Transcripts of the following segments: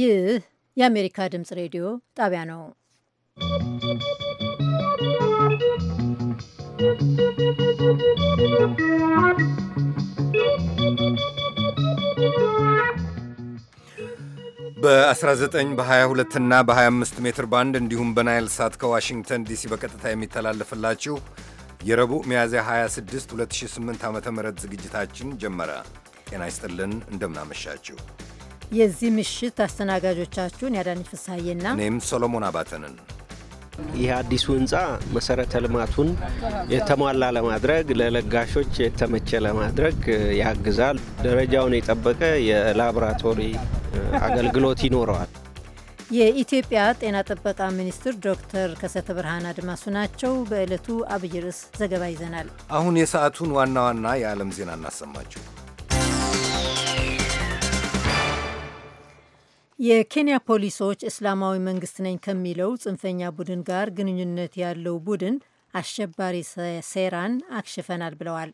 ይህ የአሜሪካ ድምፅ ሬዲዮ ጣቢያ ነው። በ19 በ22 እና በ25 ሜትር ባንድ እንዲሁም በናይል ሳት ከዋሽንግተን ዲሲ በቀጥታ የሚተላለፍላችሁ የረቡዕ ሚያዝያ 26 2008 ዓ ም ዝግጅታችን ጀመረ። ጤና ይስጥልን፣ እንደምናመሻችሁ። የዚህ ምሽት አስተናጋጆቻችሁን ያዳኒ ፍሳዬና እኔም ሶሎሞን አባተንን። ይህ አዲሱ ህንፃ መሰረተ ልማቱን የተሟላ ለማድረግ ለለጋሾች የተመቸ ለማድረግ ያግዛል። ደረጃውን የጠበቀ የላቦራቶሪ አገልግሎት ይኖረዋል። የኢትዮጵያ ጤና ጥበቃ ሚኒስትር ዶክተር ከሰተ ብርሃን አድማሱ ናቸው። በዕለቱ አብይ ርዕስ ዘገባ ይዘናል። አሁን የሰዓቱን ዋና ዋና የዓለም ዜና እናሰማችሁ። የኬንያ ፖሊሶች እስላማዊ መንግስት ነኝ ከሚለው ጽንፈኛ ቡድን ጋር ግንኙነት ያለው ቡድን አሸባሪ ሴራን አክሽፈናል ብለዋል።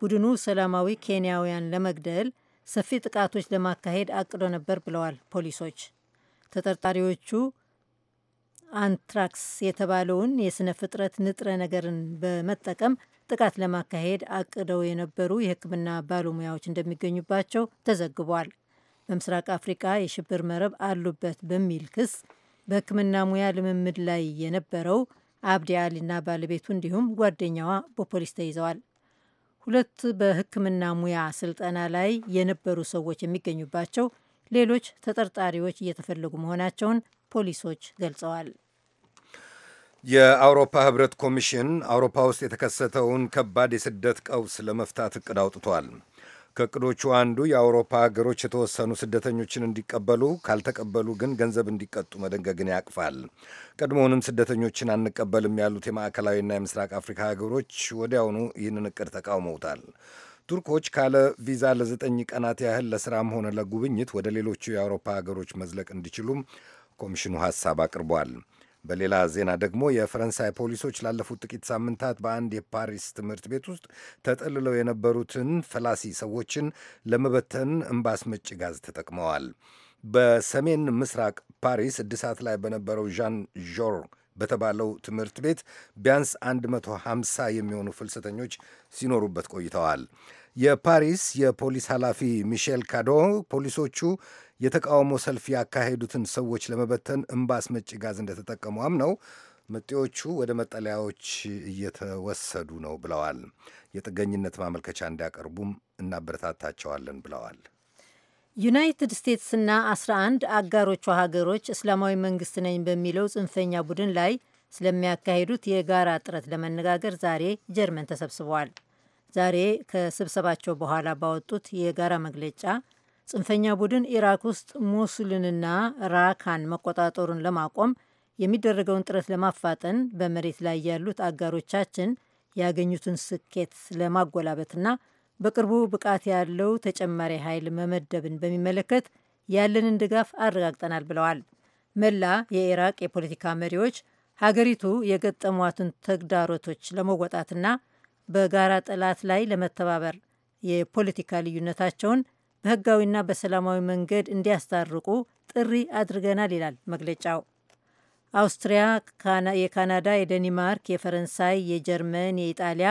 ቡድኑ ሰላማዊ ኬንያውያን ለመግደል ሰፊ ጥቃቶች ለማካሄድ አቅዶ ነበር ብለዋል ፖሊሶች። ተጠርጣሪዎቹ አንትራክስ የተባለውን የስነ ፍጥረት ንጥረ ነገርን በመጠቀም ጥቃት ለማካሄድ አቅደው የነበሩ የሕክምና ባለሙያዎች እንደሚገኙባቸው ተዘግቧል። በምስራቅ አፍሪቃ የሽብር መረብ አሉበት በሚል ክስ በሕክምና ሙያ ልምምድ ላይ የነበረው አብዲ አሊና ባለቤቱ እንዲሁም ጓደኛዋ በፖሊስ ተይዘዋል። ሁለት በሕክምና ሙያ ስልጠና ላይ የነበሩ ሰዎች የሚገኙባቸው ሌሎች ተጠርጣሪዎች እየተፈለጉ መሆናቸውን ፖሊሶች ገልጸዋል። የአውሮፓ ህብረት ኮሚሽን አውሮፓ ውስጥ የተከሰተውን ከባድ የስደት ቀውስ ለመፍታት እቅድ አውጥቷል። ከእቅዶቹ አንዱ የአውሮፓ ሀገሮች የተወሰኑ ስደተኞችን እንዲቀበሉ ካልተቀበሉ ግን ገንዘብ እንዲቀጡ መደንገግን ያቅፋል። ቀድሞውንም ስደተኞችን አንቀበልም ያሉት የማዕከላዊና የምስራቅ አፍሪካ ሀገሮች ወዲያውኑ ይህንን እቅድ ተቃውመውታል። ቱርኮች ካለ ቪዛ ለዘጠኝ ቀናት ያህል ለስራም ሆነ ለጉብኝት ወደ ሌሎቹ የአውሮፓ ሀገሮች መዝለቅ እንዲችሉም ኮሚሽኑ ሐሳብ አቅርቧል። በሌላ ዜና ደግሞ የፈረንሳይ ፖሊሶች ላለፉት ጥቂት ሳምንታት በአንድ የፓሪስ ትምህርት ቤት ውስጥ ተጠልለው የነበሩትን ፈላሲ ሰዎችን ለመበተን እምባ አስመጪ ጋዝ ተጠቅመዋል። በሰሜን ምስራቅ ፓሪስ እድሳት ላይ በነበረው ዣን ዦር በተባለው ትምህርት ቤት ቢያንስ 150 የሚሆኑ ፍልሰተኞች ሲኖሩበት ቆይተዋል። የፓሪስ የፖሊስ ኃላፊ ሚሼል ካዶ ፖሊሶቹ የተቃውሞ ሰልፍ ያካሄዱትን ሰዎች ለመበተን እምባ አስመጪ ጋዝ እንደተጠቀሙ አምነው መጤዎቹ ወደ መጠለያዎች እየተወሰዱ ነው ብለዋል። የጥገኝነት ማመልከቻ እንዲያቀርቡም እናበረታታቸዋለን ብለዋል። ዩናይትድ ስቴትስና 11 አጋሮቿ ሀገሮች እስላማዊ መንግስት ነኝ በሚለው ጽንፈኛ ቡድን ላይ ስለሚያካሂዱት የጋራ ጥረት ለመነጋገር ዛሬ ጀርመን ተሰብስበዋል። ዛሬ ከስብሰባቸው በኋላ ባወጡት የጋራ መግለጫ ጽንፈኛ ቡድን ኢራክ ውስጥ ሞሱልንና ራካን መቆጣጠሩን ለማቆም የሚደረገውን ጥረት ለማፋጠን በመሬት ላይ ያሉት አጋሮቻችን ያገኙትን ስኬት ለማጎላበትና በቅርቡ ብቃት ያለው ተጨማሪ ኃይል መመደብን በሚመለከት ያለንን ድጋፍ አረጋግጠናል ብለዋል። መላ የኢራቅ የፖለቲካ መሪዎች ሀገሪቱ የገጠሟትን ተግዳሮቶች ለመወጣትና በጋራ ጠላት ላይ ለመተባበር የፖለቲካ ልዩነታቸውን በህጋዊና በሰላማዊ መንገድ እንዲያስታርቁ ጥሪ አድርገናል ይላል መግለጫው። አውስትሪያ፣ የካናዳ፣ የደኒማርክ፣ የፈረንሳይ፣ የጀርመን፣ የኢጣሊያ፣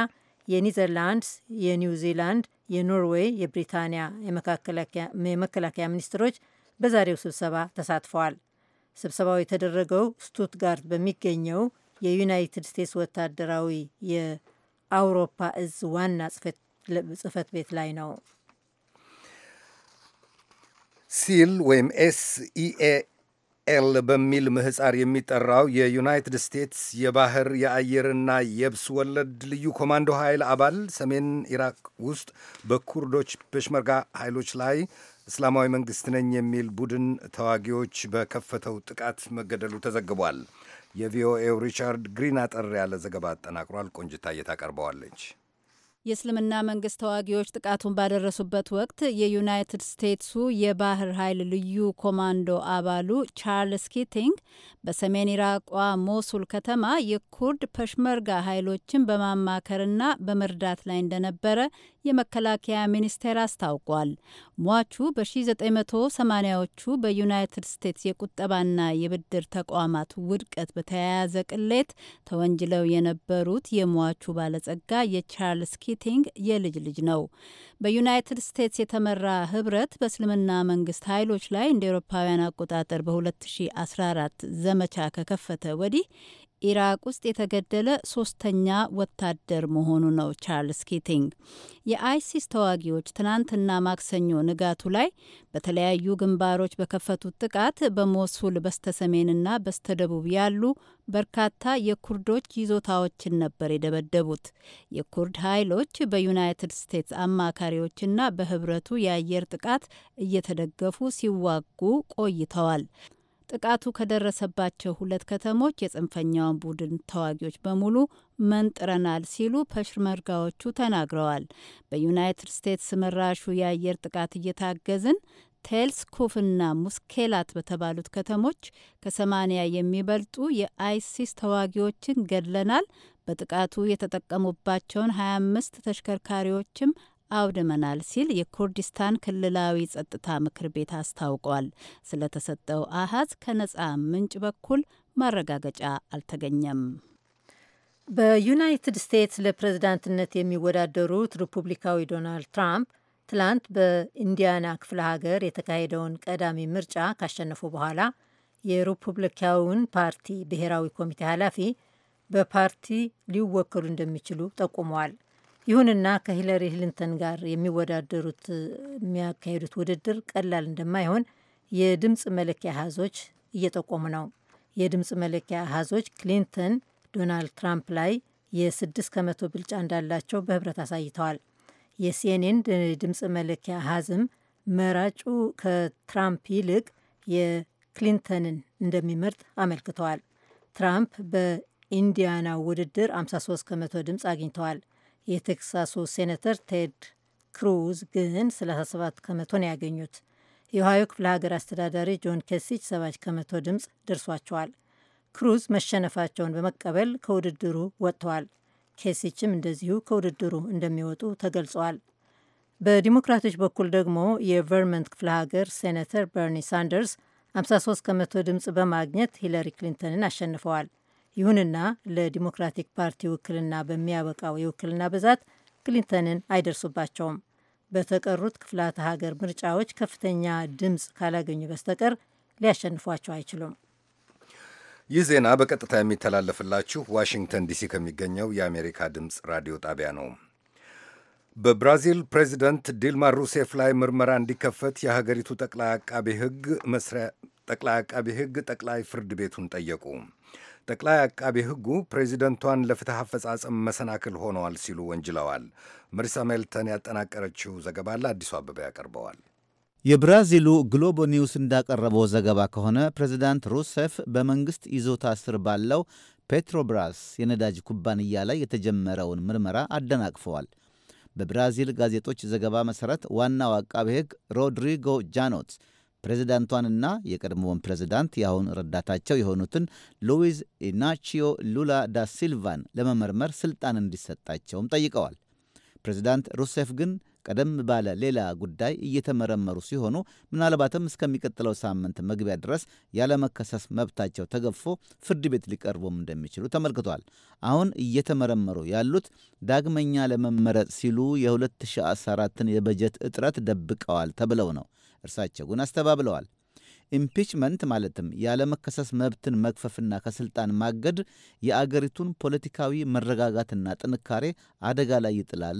የኒዘርላንድስ፣ የኒውዚላንድ፣ የኖርዌይ፣ የብሪታንያ የመከላከያ ሚኒስትሮች በዛሬው ስብሰባ ተሳትፈዋል። ስብሰባው የተደረገው ስቱትጋርት በሚገኘው የዩናይትድ ስቴትስ ወታደራዊ አውሮፓ እዝ ዋና ጽህፈት ቤት ላይ ነው። ሲል ወይም ኤስኢኤኤል በሚል ምህፃር የሚጠራው የዩናይትድ ስቴትስ የባህር የአየርና የብስ ወለድ ልዩ ኮማንዶ ኃይል አባል ሰሜን ኢራቅ ውስጥ በኩርዶች ፔሽመርጋ ኃይሎች ላይ እስላማዊ መንግስት ነኝ የሚል ቡድን ተዋጊዎች በከፈተው ጥቃት መገደሉ ተዘግቧል። የቪኦኤው ሪቻርድ ግሪን አጠር ያለ ዘገባ አጠናቅሯል። ቆንጅታ እየታቀርበዋለች። የእስልምና መንግስት ተዋጊዎች ጥቃቱን ባደረሱበት ወቅት የዩናይትድ ስቴትሱ የባህር ኃይል ልዩ ኮማንዶ አባሉ ቻርልስ ኪቲንግ በሰሜን ኢራቋ ሞሱል ከተማ የኩርድ ፐሽመርጋ ኃይሎችን በማማከርና በመርዳት ላይ እንደነበረ የመከላከያ ሚኒስቴር አስታውቋል። ሟቹ በ1980ዎቹ በዩናይትድ ስቴትስ የቁጠባና የብድር ተቋማት ውድቀት በተያያዘ ቅሌት ተወንጅለው የነበሩት የሟቹ ባለጸጋ የቻርልስ ኪ ኪቲንግ የልጅ ልጅ ነው። በዩናይትድ ስቴትስ የተመራ ህብረት በእስልምና መንግስት ኃይሎች ላይ እንደ ኤሮፓውያን አቆጣጠር በ2014 ዘመቻ ከከፈተ ወዲህ ኢራቅ ውስጥ የተገደለ ሶስተኛ ወታደር መሆኑ ነው። ቻርልስ ኪቲንግ የአይሲስ ተዋጊዎች ትናንትና ማክሰኞ ንጋቱ ላይ በተለያዩ ግንባሮች በከፈቱት ጥቃት በሞሱል በስተሰሜንና በስተደቡብ ያሉ በርካታ የኩርዶች ይዞታዎችን ነበር የደበደቡት። የኩርድ ኃይሎች በዩናይትድ ስቴትስ አማካሪዎችና በህብረቱ የአየር ጥቃት እየተደገፉ ሲዋጉ ቆይተዋል። ጥቃቱ ከደረሰባቸው ሁለት ከተሞች የጽንፈኛውን ቡድን ተዋጊዎች በሙሉ መንጥረናል ሲሉ ፐሽመርጋዎቹ ተናግረዋል። በዩናይትድ ስቴትስ መራሹ የአየር ጥቃት እየታገዝን ቴልስ ኩፍና ሙስኬላት በተባሉት ከተሞች ከሰማንያ የሚበልጡ የአይሲስ ተዋጊዎችን ገድለናል። በጥቃቱ የተጠቀሙባቸውን 25 ተሽከርካሪዎችም አውድመናል ሲል የኩርዲስታን ክልላዊ ጸጥታ ምክር ቤት አስታውቋል። ስለተሰጠው አሃዝ ከነጻ ምንጭ በኩል ማረጋገጫ አልተገኘም። በዩናይትድ ስቴትስ ለፕሬዝዳንትነት የሚወዳደሩት ሪፑብሊካዊ ዶናልድ ትራምፕ ትላንት በኢንዲያና ክፍለ ሀገር የተካሄደውን ቀዳሚ ምርጫ ካሸነፉ በኋላ የሪፑብሊካውን ፓርቲ ብሔራዊ ኮሚቴ ኃላፊ በፓርቲ ሊወከሉ እንደሚችሉ ጠቁመዋል። ይሁንና ከሂለሪ ክሊንተን ጋር የሚወዳደሩት የሚያካሂዱት ውድድር ቀላል እንደማይሆን የድምፅ መለኪያ አሃዞች እየጠቆሙ ነው። የድምፅ መለኪያ አሃዞች ክሊንተን ዶናልድ ትራምፕ ላይ የስድስት ከመቶ ብልጫ እንዳላቸው በህብረት አሳይተዋል። የሲኤንኤን ድምፅ መለኪያ አሃዝም መራጩ ከትራምፕ ይልቅ የክሊንተንን እንደሚመርጥ አመልክተዋል። ትራምፕ በኢንዲያና ውድድር 53 ከመቶ ድምፅ አግኝተዋል። የቴክሳሱ ሴኔተር ቴድ ክሩዝ ግን 37 ከመቶ ነው ያገኙት። የኦሃዮ ክፍለ ሀገር አስተዳዳሪ ጆን ኬሲች 7 ከመቶ ድምፅ ደርሷቸዋል። ክሩዝ መሸነፋቸውን በመቀበል ከውድድሩ ወጥተዋል። ኬሲችም እንደዚሁ ከውድድሩ እንደሚወጡ ተገልጸዋል። በዲሞክራቶች በኩል ደግሞ የቨርመንት ክፍለ ሀገር ሴኔተር በርኒ ሳንደርስ 53 ከመቶ ድምፅ በማግኘት ሂለሪ ክሊንተንን አሸንፈዋል። ይሁንና ለዲሞክራቲክ ፓርቲ ውክልና በሚያበቃው የውክልና ብዛት ክሊንተንን አይደርሱባቸውም። በተቀሩት ክፍላተ ሀገር ምርጫዎች ከፍተኛ ድምፅ ካላገኙ በስተቀር ሊያሸንፏቸው አይችሉም። ይህ ዜና በቀጥታ የሚተላለፍላችሁ ዋሽንግተን ዲሲ ከሚገኘው የአሜሪካ ድምፅ ራዲዮ ጣቢያ ነው። በብራዚል ፕሬዚደንት ዲልማ ሩሴፍ ላይ ምርመራ እንዲከፈት የሀገሪቱ ጠቅላይ አቃቤ ሕግ ጠቅላይ ፍርድ ቤቱን ጠየቁ። ጠቅላይ አቃቤ ሕጉ ፕሬዚደንቷን ለፍትህ አፈጻጸም መሰናክል ሆነዋል ሲሉ ወንጅለዋል። መሪሳ ሜልተን ያጠናቀረችው ዘገባ ለአዲሱ አበበ ያቀርበዋል። የብራዚሉ ግሎቦ ኒውስ እንዳቀረበው ዘገባ ከሆነ ፕሬዚዳንት ሩሴፍ በመንግሥት ይዞታ ስር ባለው ፔትሮብራስ የነዳጅ ኩባንያ ላይ የተጀመረውን ምርመራ አደናቅፈዋል። በብራዚል ጋዜጦች ዘገባ መሠረት ዋናው አቃቤ ሕግ ሮድሪጎ ጃኖት ፕሬዚዳንቷንና የቀድሞውን ፕሬዚዳንት የአሁን ረዳታቸው የሆኑትን ሉዊዝ ኢናቺዮ ሉላ ዳ ሲልቫን ለመመርመር ስልጣን እንዲሰጣቸውም ጠይቀዋል። ፕሬዚዳንት ሩሴፍ ግን ቀደም ባለ ሌላ ጉዳይ እየተመረመሩ ሲሆኑ ምናልባትም እስከሚቀጥለው ሳምንት መግቢያ ድረስ ያለመከሰስ መብታቸው ተገፎ ፍርድ ቤት ሊቀርቡም እንደሚችሉ ተመልክቷል። አሁን እየተመረመሩ ያሉት ዳግመኛ ለመመረጥ ሲሉ የ2014ን የበጀት እጥረት ደብቀዋል ተብለው ነው። እርሳቸው ግን አስተባብለዋል። ኢምፒችመንት ማለትም ያለመከሰስ መብትን መግፈፍና ከስልጣን ማገድ የአገሪቱን ፖለቲካዊ መረጋጋትና ጥንካሬ አደጋ ላይ ይጥላል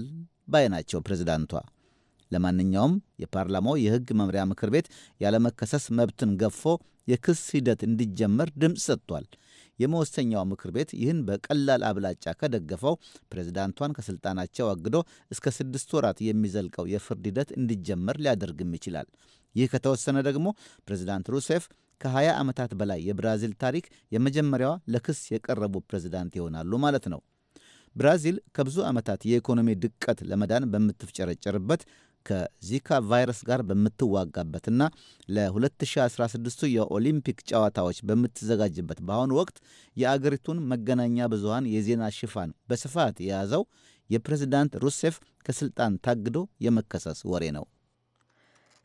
ባይ ናቸው ፕሬዚዳንቷ። ለማንኛውም የፓርላማው የሕግ መምሪያ ምክር ቤት ያለመከሰስ መብትን ገፎ የክስ ሂደት እንዲጀመር ድምፅ ሰጥቷል። የመወሰኛው ምክር ቤት ይህን በቀላል አብላጫ ከደገፈው ፕሬዝዳንቷን ከስልጣናቸው አግዶ እስከ ስድስት ወራት የሚዘልቀው የፍርድ ሂደት እንዲጀመር ሊያደርግም ይችላል። ይህ ከተወሰነ ደግሞ ፕሬዝዳንት ሩሴፍ ከ20 ዓመታት በላይ የብራዚል ታሪክ የመጀመሪያዋ ለክስ የቀረቡ ፕሬዝዳንት ይሆናሉ ማለት ነው። ብራዚል ከብዙ ዓመታት የኢኮኖሚ ድቀት ለመዳን በምትፍጨረጨርበት ከዚካ ቫይረስ ጋር በምትዋጋበትና ለ2016 የኦሊምፒክ ጨዋታዎች በምትዘጋጅበት በአሁኑ ወቅት የአገሪቱን መገናኛ ብዙሃን የዜና ሽፋን በስፋት የያዘው የፕሬዝዳንት ሩሴፍ ከስልጣን ታግዶ የመከሰስ ወሬ ነው።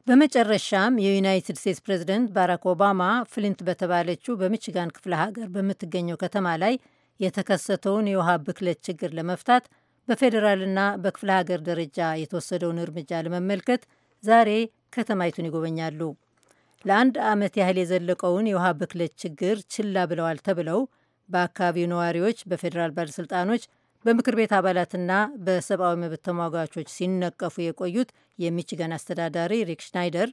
በመጨረሻም የዩናይትድ ስቴትስ ፕሬዚደንት ባራክ ኦባማ ፍሊንት በተባለችው በሚችጋን ክፍለ ሀገር በምትገኘው ከተማ ላይ የተከሰተውን የውሃ ብክለት ችግር ለመፍታት በፌዴራልና በክፍለ ሀገር ደረጃ የተወሰደውን እርምጃ ለመመልከት ዛሬ ከተማይቱን ይጎበኛሉ። ለአንድ ዓመት ያህል የዘለቀውን የውሃ ብክለት ችግር ችላ ብለዋል ተብለው በአካባቢው ነዋሪዎች፣ በፌዴራል ባለሥልጣኖች፣ በምክር ቤት አባላትና በሰብአዊ መብት ተሟጋቾች ሲነቀፉ የቆዩት የሚችገን አስተዳዳሪ ሪክ ሽናይደር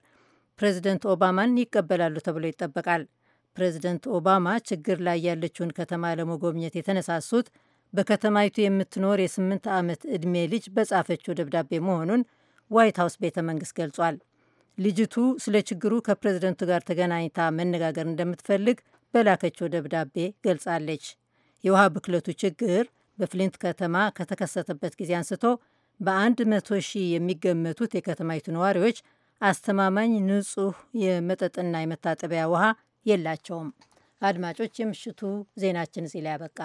ፕሬዚደንት ኦባማን ይቀበላሉ ተብሎ ይጠበቃል። ፕሬዚደንት ኦባማ ችግር ላይ ያለችውን ከተማ ለመጎብኘት የተነሳሱት በከተማይቱ የምትኖር የስምንት ዓመት ዕድሜ ልጅ በጻፈችው ደብዳቤ መሆኑን ዋይት ሀውስ ቤተ መንግስት ገልጿል። ልጅቱ ስለ ችግሩ ከፕሬዝደንቱ ጋር ተገናኝታ መነጋገር እንደምትፈልግ በላከችው ደብዳቤ ገልጻለች። የውሃ ብክለቱ ችግር በፍሊንት ከተማ ከተከሰተበት ጊዜ አንስቶ በአንድ መቶ ሺህ የሚገመቱት የከተማይቱ ነዋሪዎች አስተማማኝ ንጹህ የመጠጥና የመታጠቢያ ውሃ የላቸውም። አድማጮች፣ የምሽቱ ዜናችን እዚህ ላይ ያበቃ።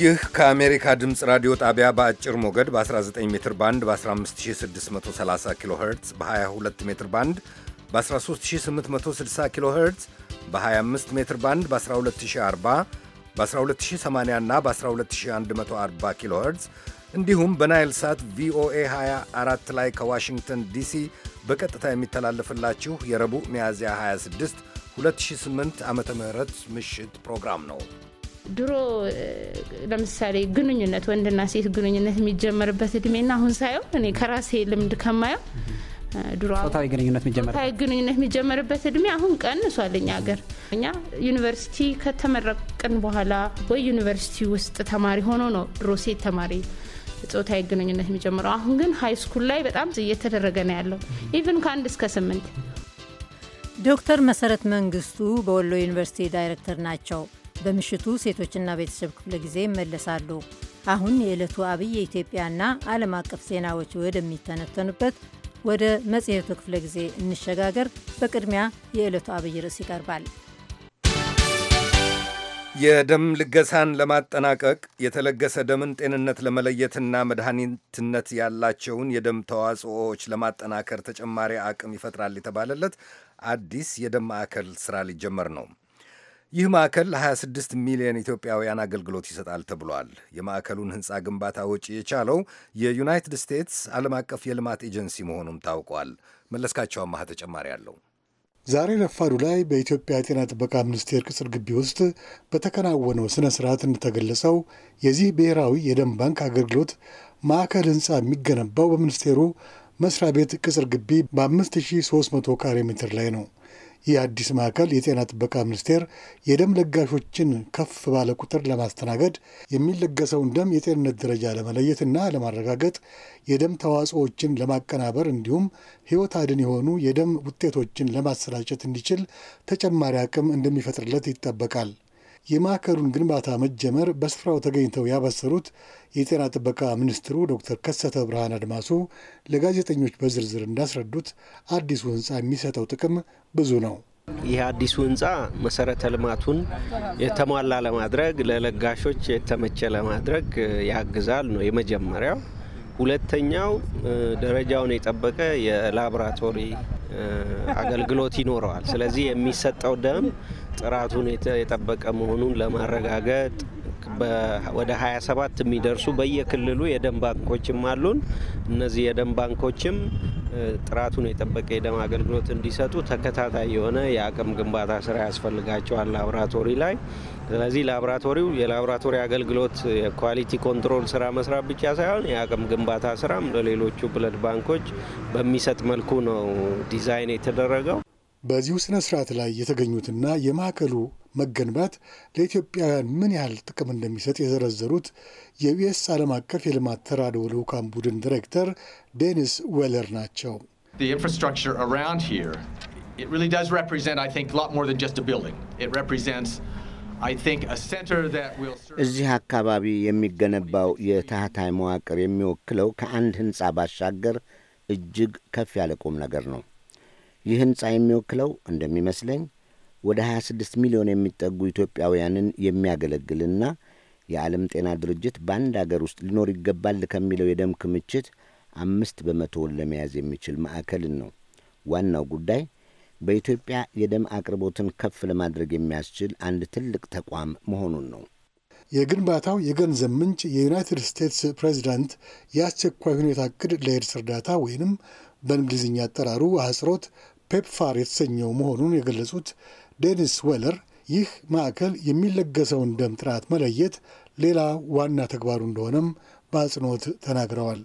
ይህ ከአሜሪካ ድምፅ ራዲዮ ጣቢያ በአጭር ሞገድ በ19 ሜትር ባንድ በ15630 ኪሎ ሄርትዝ በ22 ሜትር ባንድ በ13860 ኪሎ ሄርትዝ በ25 ሜትር ባንድ በ12040 በ12080 እና በ12140 ኪሎ ሄርትዝ እንዲሁም በናይል ሳት ቪኦኤ 24 ላይ ከዋሽንግተን ዲሲ በቀጥታ የሚተላለፍላችሁ የረቡዕ ሚያዝያ 26 2008 ዓ ም ምሽት ፕሮግራም ነው። ድሮ ለምሳሌ ግንኙነት ወንድና ሴት ግንኙነት የሚጀመርበት እድሜና አሁን ሳየው እኔ ከራሴ ልምድ ከማየው ጾታዊ ግንኙነት የሚጀመርበት እድሜ አሁን ቀንሷል። እኛ ሀገር እኛ ዩኒቨርሲቲ ከተመረቅን በኋላ ወይ ዩኒቨርሲቲ ውስጥ ተማሪ ሆኖ ነው ድሮ ሴት ተማሪ ጾታዊ ግንኙነት የሚጀምረው። አሁን ግን ሀይ ስኩል ላይ በጣም እየተደረገ ነው ያለው ኢቭን ከአንድ እስከ ስምንት። ዶክተር መሰረት መንግስቱ በወሎ ዩኒቨርሲቲ ዳይሬክተር ናቸው። በምሽቱ ሴቶችና ቤተሰብ ክፍለ ጊዜ ይመለሳሉ። አሁን የዕለቱ አብይ የኢትዮጵያና ዓለም አቀፍ ዜናዎች ወደሚተነተኑበት ወደ መጽሔቱ ክፍለ ጊዜ እንሸጋገር። በቅድሚያ የዕለቱ አብይ ርዕስ ይቀርባል። የደም ልገሳን ለማጠናቀቅ የተለገሰ ደምን ጤንነት ለመለየትና መድኃኒትነት ያላቸውን የደም ተዋጽኦዎች ለማጠናከር ተጨማሪ አቅም ይፈጥራል የተባለለት አዲስ የደም ማዕከል ስራ ሊጀመር ነው። ይህ ማዕከል ለ26 ሚሊዮን ኢትዮጵያውያን አገልግሎት ይሰጣል ተብሏል። የማዕከሉን ህንፃ ግንባታ ወጪ የቻለው የዩናይትድ ስቴትስ ዓለም አቀፍ የልማት ኤጀንሲ መሆኑም ታውቋል። መለስካቸው አማሃ ተጨማሪ አለው። ዛሬ ረፋዱ ላይ በኢትዮጵያ የጤና ጥበቃ ሚኒስቴር ቅጽር ግቢ ውስጥ በተከናወነው ስነ ስርዓት እንደተገለጸው የዚህ ብሔራዊ የደም ባንክ አገልግሎት ማዕከል ህንፃ የሚገነባው በሚኒስቴሩ መስሪያ ቤት ቅጽር ግቢ በ5300 ካሬ ሜትር ላይ ነው። ይህ አዲስ ማዕከል የጤና ጥበቃ ሚኒስቴር የደም ለጋሾችን ከፍ ባለ ቁጥር ለማስተናገድ የሚለገሰውን ደም የጤንነት ደረጃ ለመለየትና ለማረጋገጥ የደም ተዋጽኦዎችን ለማቀናበር እንዲሁም ሕይወት አድን የሆኑ የደም ውጤቶችን ለማሰራጨት እንዲችል ተጨማሪ አቅም እንደሚፈጥርለት ይጠበቃል። የማዕከሉን ግንባታ መጀመር በስፍራው ተገኝተው ያበሰሩት የጤና ጥበቃ ሚኒስትሩ ዶክተር ከሰተ ብርሃን አድማሱ ለጋዜጠኞች በዝርዝር እንዳስረዱት አዲሱ ህንፃ የሚሰጠው ጥቅም ብዙ ነው። ይህ አዲሱ ህንፃ መሰረተ ልማቱን የተሟላ ለማድረግ ለለጋሾች የተመቸ ለማድረግ ያግዛል ነው የመጀመሪያው። ሁለተኛው ደረጃውን የጠበቀ የላቦራቶሪ አገልግሎት ይኖረዋል። ስለዚህ የሚሰጠው ደም ጥራቱን የጠበቀ መሆኑን ለማረጋገጥ ወደ 27 የሚደርሱ በየክልሉ የደም ባንኮችም አሉን። እነዚህ የደም ባንኮችም ጥራቱን የጠበቀ የደም አገልግሎት እንዲሰጡ ተከታታይ የሆነ የአቅም ግንባታ ስራ ያስፈልጋቸዋል ላቦራቶሪ ላይ። ስለዚህ ላቦራቶሪው የላቦራቶሪ አገልግሎት የኳሊቲ ኮንትሮል ስራ መስራት ብቻ ሳይሆን የአቅም ግንባታ ስራም ለሌሎቹ ብለድ ባንኮች በሚሰጥ መልኩ ነው ዲዛይን የተደረገው። በዚሁ ስነ ስርዓት ላይ የተገኙትና የማዕከሉ መገንባት ለኢትዮጵያውያን ምን ያህል ጥቅም እንደሚሰጥ የዘረዘሩት የዩኤስ ዓለም አቀፍ የልማት ተራድኦ ልዑካን ቡድን ዲሬክተር ዴኒስ ዌለር ናቸው። እዚህ አካባቢ የሚገነባው የታህታይ መዋቅር የሚወክለው ከአንድ ህንፃ ባሻገር እጅግ ከፍ ያለ ቁም ነገር ነው። ይህ ሕንጻ የሚወክለው እንደሚመስለኝ ወደ 26 ሚሊዮን የሚጠጉ ኢትዮጵያውያንን የሚያገለግልና የዓለም ጤና ድርጅት በአንድ አገር ውስጥ ሊኖር ይገባል ከሚለው የደም ክምችት አምስት በመቶውን ለመያዝ የሚችል ማዕከልን ነው። ዋናው ጉዳይ በኢትዮጵያ የደም አቅርቦትን ከፍ ለማድረግ የሚያስችል አንድ ትልቅ ተቋም መሆኑን ነው። የግንባታው የገንዘብ ምንጭ የዩናይትድ ስቴትስ ፕሬዚዳንት የአስቸኳይ ሁኔታ እቅድ ለኤድስ እርዳታ ወይንም በእንግሊዝኛ አጠራሩ አህጽሮት ፔፕፋር የተሰኘው መሆኑን የገለጹት ዴኒስ ዌለር ይህ ማዕከል የሚለገሰውን ደም ጥራት መለየት ሌላ ዋና ተግባሩ እንደሆነም በአጽንኦት ተናግረዋል።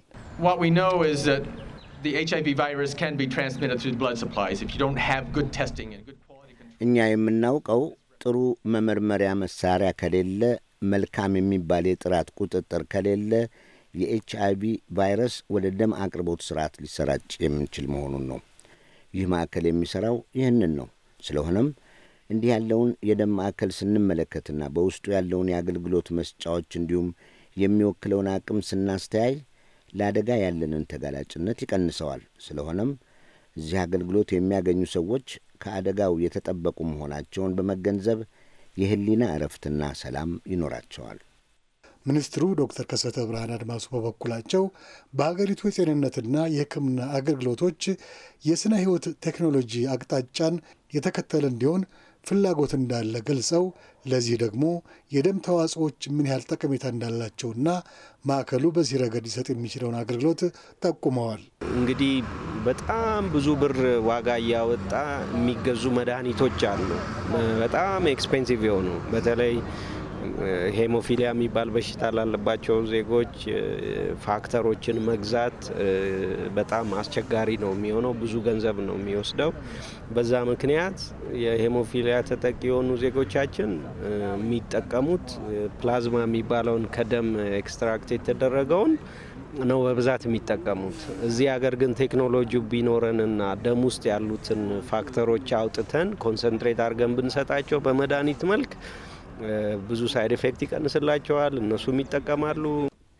እኛ የምናውቀው ጥሩ መመርመሪያ መሳሪያ ከሌለ፣ መልካም የሚባል የጥራት ቁጥጥር ከሌለ የኤች ቫይረስ ወደ ደም አቅርቦት ስርዓት ሊሰራጭ የምንችል መሆኑን ነው። ይህ ማዕከል የሚሠራው ይህንን ነው። ስለሆነም እንዲህ ያለውን የደም ማዕከል ስንመለከትና በውስጡ ያለውን የአገልግሎት መስጫዎች እንዲሁም የሚወክለውን አቅም ስናስተያይ ለአደጋ ያለንን ተጋላጭነት ይቀንሰዋል። ስለሆነም እዚህ አገልግሎት የሚያገኙ ሰዎች ከአደጋው የተጠበቁ መሆናቸውን በመገንዘብ የህሊና እረፍትና ሰላም ይኖራቸዋል። ሚኒስትሩ ዶክተር ከሰተ ብርሃን አድማሱ በበኩላቸው በሀገሪቱ የጤንነትና የሕክምና አገልግሎቶች የሥነ ሕይወት ቴክኖሎጂ አቅጣጫን የተከተለ እንዲሆን ፍላጎት እንዳለ ገልጸው ለዚህ ደግሞ የደም ተዋጽኦዎች ምን ያህል ጠቀሜታ እንዳላቸውና ማዕከሉ በዚህ ረገድ ሊሰጥ የሚችለውን አገልግሎት ጠቁመዋል። እንግዲህ በጣም ብዙ ብር ዋጋ እያወጣ የሚገዙ መድኃኒቶች አሉ። በጣም ኤክስፔንሲቭ የሆኑ በተለይ ሄሞፊሊያ የሚባል በሽታ ላለባቸው ዜጎች ፋክተሮችን መግዛት በጣም አስቸጋሪ ነው የሚሆነው። ብዙ ገንዘብ ነው የሚወስደው። በዛ ምክንያት የሄሞፊሊያ ተጠቂ የሆኑ ዜጎቻችን የሚጠቀሙት ፕላዝማ የሚባለውን ከደም ኤክስትራክት የተደረገውን ነው በብዛት የሚጠቀሙት። እዚህ ሀገር ግን ቴክኖሎጂው ቢኖረንና ደም ውስጥ ያሉትን ፋክተሮች አውጥተን ኮንሰንትሬት አድርገን ብንሰጣቸው በመድኃኒት መልክ ብዙ ሳይድ ኤፌክት ይቀንስላቸዋል፣ እነሱም ይጠቀማሉ።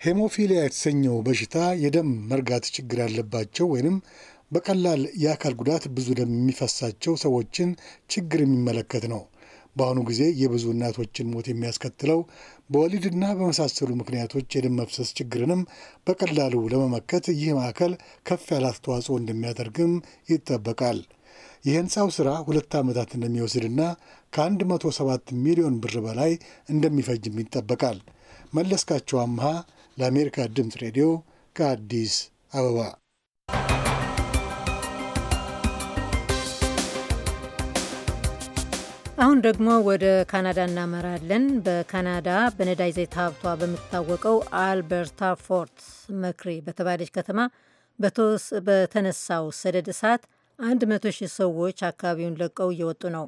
ሄሞፊሊያ የተሰኘው በሽታ የደም መርጋት ችግር ያለባቸው ወይንም በቀላል የአካል ጉዳት ብዙ ደም የሚፈሳቸው ሰዎችን ችግር የሚመለከት ነው። በአሁኑ ጊዜ የብዙ እናቶችን ሞት የሚያስከትለው በወሊድና በመሳሰሉ ምክንያቶች የደም መፍሰስ ችግርንም በቀላሉ ለመመከት ይህ ማዕከል ከፍ ያለ አስተዋጽኦ እንደሚያደርግም ይጠበቃል። የህንፃው ስራ ሁለት ዓመታት እንደሚወስድና ከ107 ሚሊዮን ብር በላይ እንደሚፈጅም ይጠበቃል። መለስካቸው አምሃ ለአሜሪካ ድምፅ ሬዲዮ ከአዲስ አበባ። አሁን ደግሞ ወደ ካናዳ እናመራለን። በካናዳ በነዳጅ ዘይት ሀብቷ በምትታወቀው አልበርታ ፎርት መክሬ በተባለች ከተማ በተነሳው ሰደድ እሳት አንድ መቶ ሺህ ሰዎች አካባቢውን ለቀው እየወጡ ነው።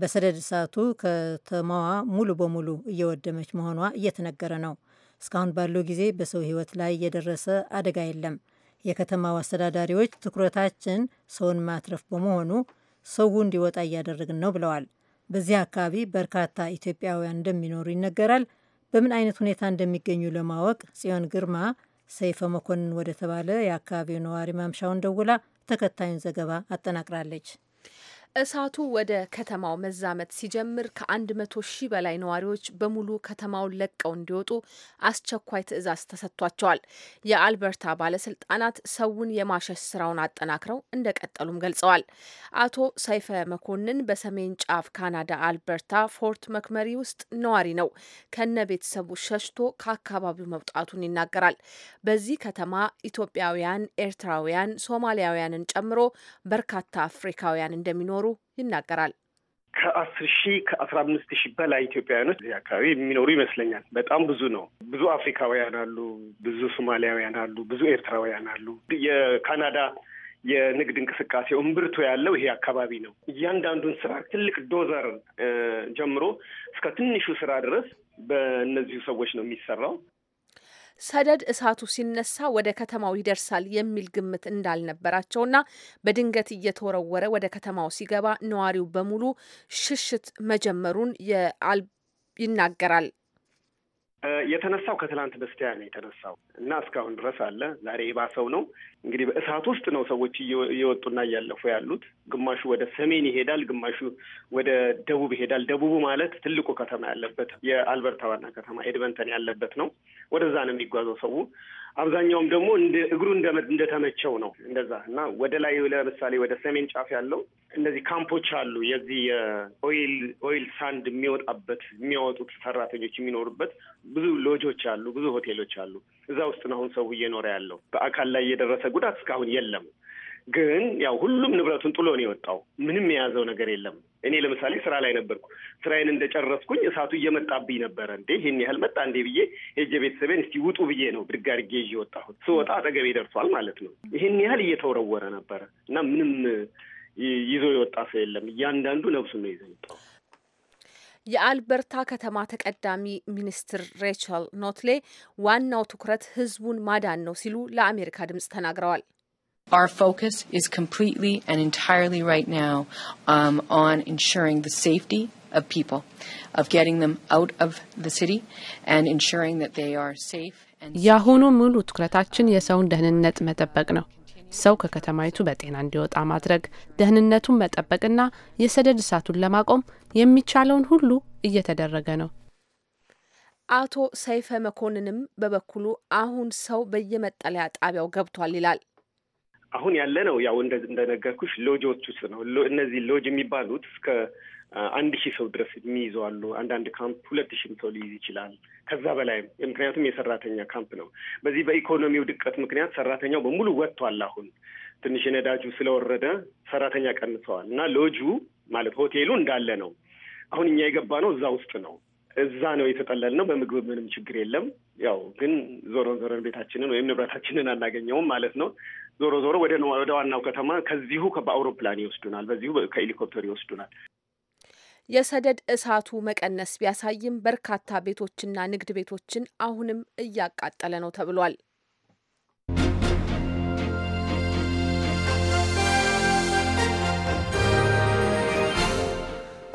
በሰደድ እሳቱ ከተማዋ ሙሉ በሙሉ እየወደመች መሆኗ እየተነገረ ነው። እስካሁን ባለው ጊዜ በሰው ሕይወት ላይ የደረሰ አደጋ የለም። የከተማው አስተዳዳሪዎች ትኩረታችን ሰውን ማትረፍ በመሆኑ ሰው እንዲወጣ እያደረግን ነው ብለዋል። በዚህ አካባቢ በርካታ ኢትዮጵያውያን እንደሚኖሩ ይነገራል። በምን አይነት ሁኔታ እንደሚገኙ ለማወቅ ጽዮን ግርማ ሰይፈ መኮንን ወደ ተባለ የአካባቢው ነዋሪ ማምሻውን ደውላ ተከታዩን ዘገባ አጠናቅራለች። እሳቱ ወደ ከተማው መዛመት ሲጀምር ከአንድ መቶ ሺህ በላይ ነዋሪዎች በሙሉ ከተማውን ለቀው እንዲወጡ አስቸኳይ ትዕዛዝ ተሰጥቷቸዋል። የአልበርታ ባለስልጣናት ሰውን የማሸሽ ስራውን አጠናክረው እንደቀጠሉም ገልጸዋል። አቶ ሰይፈ መኮንን በሰሜን ጫፍ ካናዳ አልበርታ ፎርት መክመሪ ውስጥ ነዋሪ ነው። ከነ ቤተሰቡ ሸሽቶ ከአካባቢው መውጣቱን ይናገራል። በዚህ ከተማ ኢትዮጵያውያን፣ ኤርትራውያን፣ ሶማሊያውያንን ጨምሮ በርካታ አፍሪካውያን እንደሚኖሩ ይናገራል። ከአስር ሺህ ከአስራ አምስት ሺህ በላይ ኢትዮጵያውያኖች እዚህ አካባቢ የሚኖሩ ይመስለኛል። በጣም ብዙ ነው። ብዙ አፍሪካውያን አሉ፣ ብዙ ሶማሊያውያን አሉ፣ ብዙ ኤርትራውያን አሉ። የካናዳ የንግድ እንቅስቃሴው እምብርቱ ያለው ይሄ አካባቢ ነው። እያንዳንዱን ስራ ትልቅ ዶዘር ጀምሮ እስከ ትንሹ ስራ ድረስ በእነዚሁ ሰዎች ነው የሚሰራው። ሰደድ እሳቱ ሲነሳ ወደ ከተማው ይደርሳል የሚል ግምት እንዳልነበራቸውና በድንገት እየተወረወረ ወደ ከተማው ሲገባ ነዋሪው በሙሉ ሽሽት መጀመሩን ይናገራል። የተነሳው ከትላንት በስቲያ ነው የተነሳው እና እስካሁን ድረስ አለ። ዛሬ የባሰው ነው እንግዲህ በእሳት ውስጥ ነው ሰዎች እየወጡና እያለፉ ያሉት። ግማሹ ወደ ሰሜን ይሄዳል፣ ግማሹ ወደ ደቡብ ይሄዳል። ደቡቡ ማለት ትልቁ ከተማ ያለበት የአልበርታ ዋና ከተማ ኤድመንተን ያለበት ነው። ወደዛ ነው የሚጓዘው ሰው አብዛኛውም ደግሞ እግሩ እንደተመቸው ነው እንደዛ እና ወደ ላይ ለምሳሌ ወደ ሰሜን ጫፍ ያለው እነዚህ ካምፖች አሉ። የዚህ የኦይል ኦይል ሳንድ የሚወጣበት የሚያወጡት ሰራተኞች የሚኖሩበት ብዙ ሎጆች አሉ፣ ብዙ ሆቴሎች አሉ። እዛ ውስጥ ነው አሁን ሰው እየኖረ ያለው። በአካል ላይ የደረሰ ጉዳት እስካሁን የለም። ግን ያው ሁሉም ንብረቱን ጥሎ ነው የወጣው። ምንም የያዘው ነገር የለም። እኔ ለምሳሌ ስራ ላይ ነበርኩ። ስራዬን እንደጨረስኩኝ እሳቱ እየመጣብኝ ነበረ። እንዴ ይህን ያህል መጣ እንዴ ብዬ ሄጄ ቤተሰቤን እስቲ ውጡ ብዬ ነው ብድግ አድርጌ ይዤ ወጣሁት። ስወጣ አጠገቤ ደርሷል ማለት ነው። ይህን ያህል እየተወረወረ ነበረ እና ምንም ይዞ የወጣ ሰው የለም። እያንዳንዱ ነብሱ ነው ይዘ የወጣው። የአልበርታ ከተማ ተቀዳሚ ሚኒስትር ሬቸል ኖትሌ ዋናው ትኩረት ህዝቡን ማዳን ነው ሲሉ ለአሜሪካ ድምጽ ተናግረዋል። Our focus is completely and entirely right now um, on ensuring the safety of people, of getting them out of the city and ensuring that they are safe. ያሁኑ ሙሉ ትኩረታችን የሰውን ደህንነት መጠበቅ ነው። ሰው ከከተማይቱ በጤና እንዲወጣ ማድረግ፣ ደህንነቱን መጠበቅና የሰደድ እሳቱን ለማቆም የሚቻለውን ሁሉ እየተደረገ ነው። አቶ ሰይፈ መኮንንም በበኩሉ አሁን ሰው በየመጠለያ ጣቢያው ገብቷል ይላል። አሁን ያለ ነው ያው እንደነገርኩሽ ሎጆች ውስጥ ነው። እነዚህ ሎጅ የሚባሉት እስከ አንድ ሺህ ሰው ድረስ የሚይዘዋሉ። አንዳንድ ካምፕ ሁለት ሺህም ሰው ሊይዝ ይችላል ከዛ በላይም። ምክንያቱም የሰራተኛ ካምፕ ነው። በዚህ በኢኮኖሚው ድቀት ምክንያት ሰራተኛው በሙሉ ወጥቷል። አሁን ትንሽ የነዳጁ ስለወረደ ሰራተኛ ቀንሰዋል እና ሎጁ ማለት ሆቴሉ እንዳለ ነው። አሁን እኛ የገባ ነው እዛ ውስጥ ነው እዛ ነው የተጠለል ነው። በምግብ ምንም ችግር የለም። ያው ግን ዞረን ዞረን ቤታችንን ወይም ንብረታችንን አናገኘውም ማለት ነው። ዞሮ ዞሮ ወደ ወደ ዋናው ከተማ ከዚሁ በአውሮፕላን ይወስዱናል፣ በዚሁ ከሄሊኮፕተር ይወስዱናል። የሰደድ እሳቱ መቀነስ ቢያሳይም በርካታ ቤቶችና ንግድ ቤቶችን አሁንም እያቃጠለ ነው ተብሏል።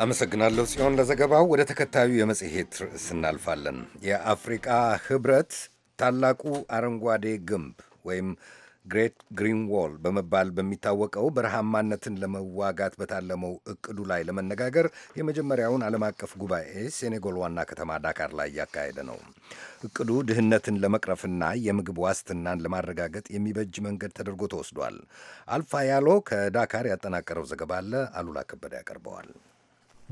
አመሰግናለሁ ጽዮን ለዘገባው። ወደ ተከታዩ የመጽሔት ርዕስ እናልፋለን። የአፍሪቃ ህብረት ታላቁ አረንጓዴ ግንብ ወይም ግሬት ግሪን ዎል በመባል በሚታወቀው በረሃማነትን ለመዋጋት በታለመው እቅዱ ላይ ለመነጋገር የመጀመሪያውን ዓለም አቀፍ ጉባኤ ሴኔጎል ዋና ከተማ ዳካር ላይ እያካሄደ ነው። እቅዱ ድህነትን ለመቅረፍና የምግብ ዋስትናን ለማረጋገጥ የሚበጅ መንገድ ተደርጎ ተወስዷል። አልፋ ያሎ ከዳካር ያጠናቀረው ዘገባ አለ። አሉላ ከበደ ያቀርበዋል።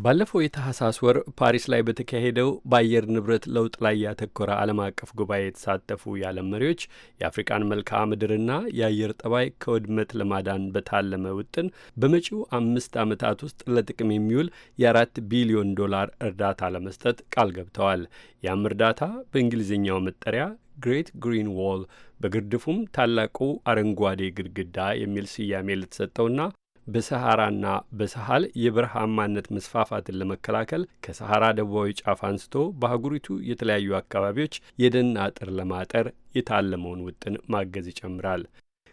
ባለፈው የታህሳስ ወር ፓሪስ ላይ በተካሄደው በአየር ንብረት ለውጥ ላይ ያተኮረ ዓለም አቀፍ ጉባኤ የተሳተፉ የዓለም መሪዎች የአፍሪቃን መልክዓ ምድርና የአየር ጠባይ ከውድመት ለማዳን በታለመ ውጥን በመጪው አምስት ዓመታት ውስጥ ለጥቅም የሚውል የአራት ቢሊዮን ዶላር እርዳታ ለመስጠት ቃል ገብተዋል። ያም እርዳታ በእንግሊዝኛው መጠሪያ ግሬት ግሪን ዋል በግርድፉም ታላቁ አረንጓዴ ግድግዳ የሚል ስያሜ ልትሰጠውና በሰሐራና በሳሐል የበረሃማነት መስፋፋትን ለመከላከል ከሰሐራ ደቡባዊ ጫፍ አንስቶ በአህጉሪቱ የተለያዩ አካባቢዎች የደን አጥር ለማጠር የታለመውን ውጥን ማገዝ ይጨምራል።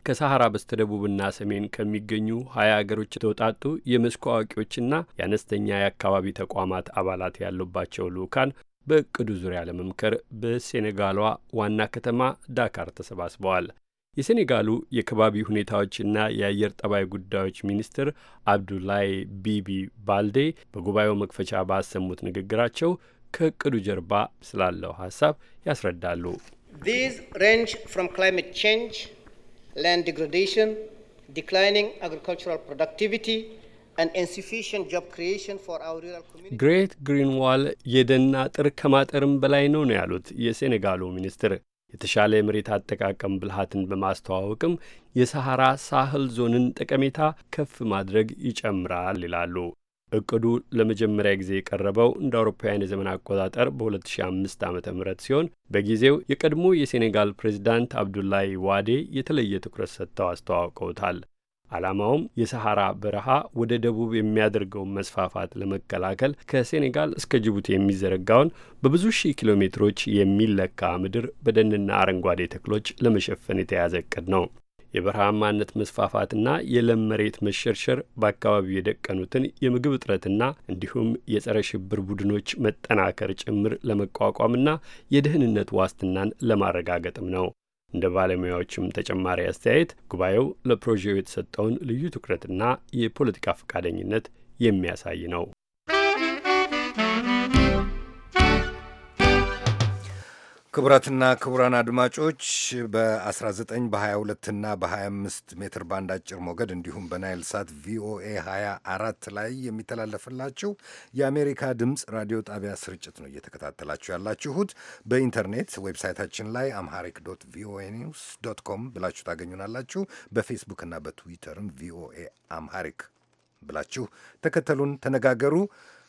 ከሰሐራ በስተደቡብና ሰሜን ከሚገኙ ሀያ አገሮች የተውጣጡ የመስኩ አዋቂዎችና የአነስተኛ የአካባቢ ተቋማት አባላት ያሉባቸው ልዑካን በእቅዱ ዙሪያ ለመምከር በሴኔጋሏ ዋና ከተማ ዳካር ተሰባስበዋል። የሴኔጋሉ የከባቢ ሁኔታዎችና የአየር ጠባይ ጉዳዮች ሚኒስትር አብዱላይ ቢቢ ባልዴ በጉባኤው መክፈቻ ባሰሙት ንግግራቸው ከእቅዱ ጀርባ ስላለው ሀሳብ ያስረዳሉ። These range from climate change, land degradation, declining agricultural productivity, ግሬት ግሪንዋል የደን አጥር ከማጠርም በላይ ነው ነው ያሉት የሴኔጋሉ ሚኒስትር። የተሻለ የመሬት አጠቃቀም ብልሃትን በማስተዋወቅም የሰሐራ ሳህል ዞንን ጠቀሜታ ከፍ ማድረግ ይጨምራል ይላሉ። እቅዱ ለመጀመሪያ ጊዜ የቀረበው እንደ አውሮፓውያን የዘመን አቆጣጠር በ2005 ዓ ም ሲሆን በጊዜው የቀድሞ የሴኔጋል ፕሬዚዳንት አብዱላይ ዋዴ የተለየ ትኩረት ሰጥተው አስተዋውቀውታል። ዓላማውም የሰሐራ በረሃ ወደ ደቡብ የሚያደርገውን መስፋፋት ለመከላከል ከሴኔጋል እስከ ጅቡቲ የሚዘረጋውን በብዙ ሺህ ኪሎ ሜትሮች የሚለካ ምድር በደንና አረንጓዴ ተክሎች ለመሸፈን የተያዘ እቅድ ነው። የበረሃማነት መስፋፋትና የለም መሬት መሸርሸር በአካባቢው የደቀኑትን የምግብ እጥረትና እንዲሁም የጸረ ሽብር ቡድኖች መጠናከር ጭምር ለመቋቋምና የደህንነት ዋስትናን ለማረጋገጥም ነው። እንደ ባለሙያዎችም ተጨማሪ አስተያየት ጉባኤው ለፕሮጀው የተሰጠውን ልዩ ትኩረትና የፖለቲካ ፈቃደኝነት የሚያሳይ ነው። ክቡራትና ክቡራን አድማጮች በ19 በ22 እና በ25 ሜትር ባንድ አጭር ሞገድ እንዲሁም በናይል ሳት ቪኦኤ 24 ላይ የሚተላለፍላችሁ የአሜሪካ ድምፅ ራዲዮ ጣቢያ ስርጭት ነው እየተከታተላችሁ ያላችሁት። በኢንተርኔት ዌብሳይታችን ላይ አምሃሪክ ዶት ቪኦኤ ኒውስ ዶት ኮም ብላችሁ ታገኙናላችሁ። በፌስቡክ እና በትዊተርም ቪኦኤ አምሃሪክ ብላችሁ ተከተሉን፣ ተነጋገሩ።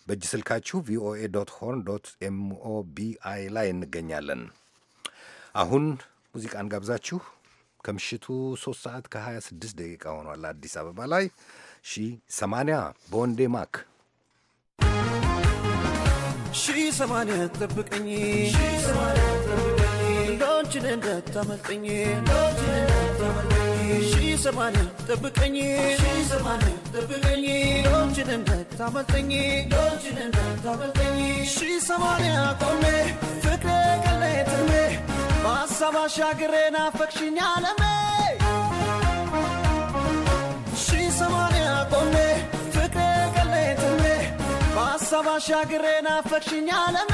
በእጅ ስልካችሁ ቪኦኤ ዶት ሆርን ዶት ኤምኦቢአይ ላይ እንገኛለን። አሁን ሙዚቃን ጋብዛችሁ ከምሽቱ 3 ሰዓት ከ26 ደቂቃ ሆኗል። አዲስ አበባ ላይ ሺ 80 በወንዴ ማክ ሺ 80 ጠብቀኝ እንደ እንደ ወንችን ወንዶችን እንዳታመልጠኝ ሺህ ሰማንያ ጠብቀኝ ሺህ ሰማንያ ጠብቀኝ ዶችን እንዳታመልጠኝ ዶችን እንዳታመልጠኝ ሺህ ሰማንያ ቆሜ ፍቅሬ ቀለ ትልሜ በሀሳብ አሻግሬ ናፈቅሽኝ አለሜ ሰማንያ ቆሜ ፍቅሬ ቀለ ትልሜ በሀሳብ አሻግሬ ናፈቅሽኝ አለሜ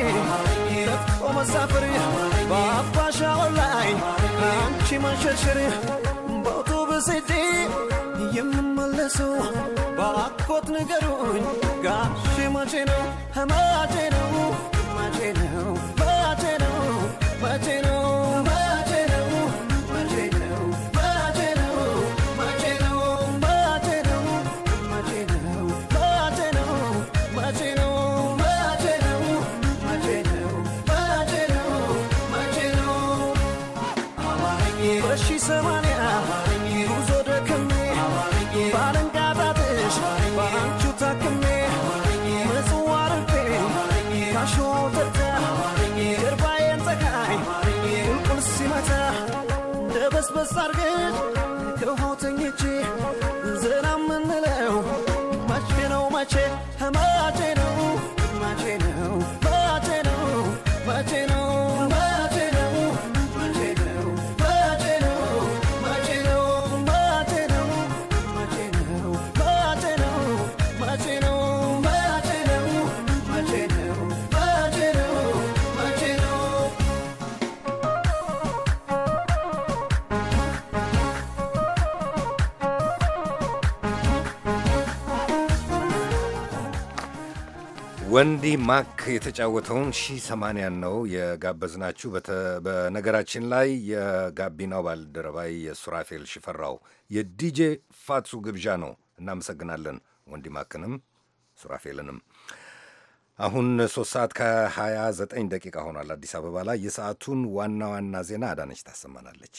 መሳፍሪ በአባሻ ኦንላይን አንቺ ማሸርሸሪ በአውቶብስ ሄጄ የምመለሰው በአኮት ንገሩኝ ጋሽ መቼ ነው መቼ ነው መቼ ነው መቼ ነው መቼ ነው Come on, ወንዲ ማክ የተጫወተውን ሺ ሰማንያ ነው የጋበዝናችሁ። በነገራችን ላይ የጋቢናው ባልደረባይ የሱራፌል ሽፈራው የዲጄ ፋትሱ ግብዣ ነው። እናመሰግናለን ወንዲ ማክንም ሱራፌልንም። አሁን ሶስት ሰዓት ከ29 ደቂቃ ሆኗል አዲስ አበባ ላይ። የሰዓቱን ዋና ዋና ዜና አዳነች ታሰማናለች።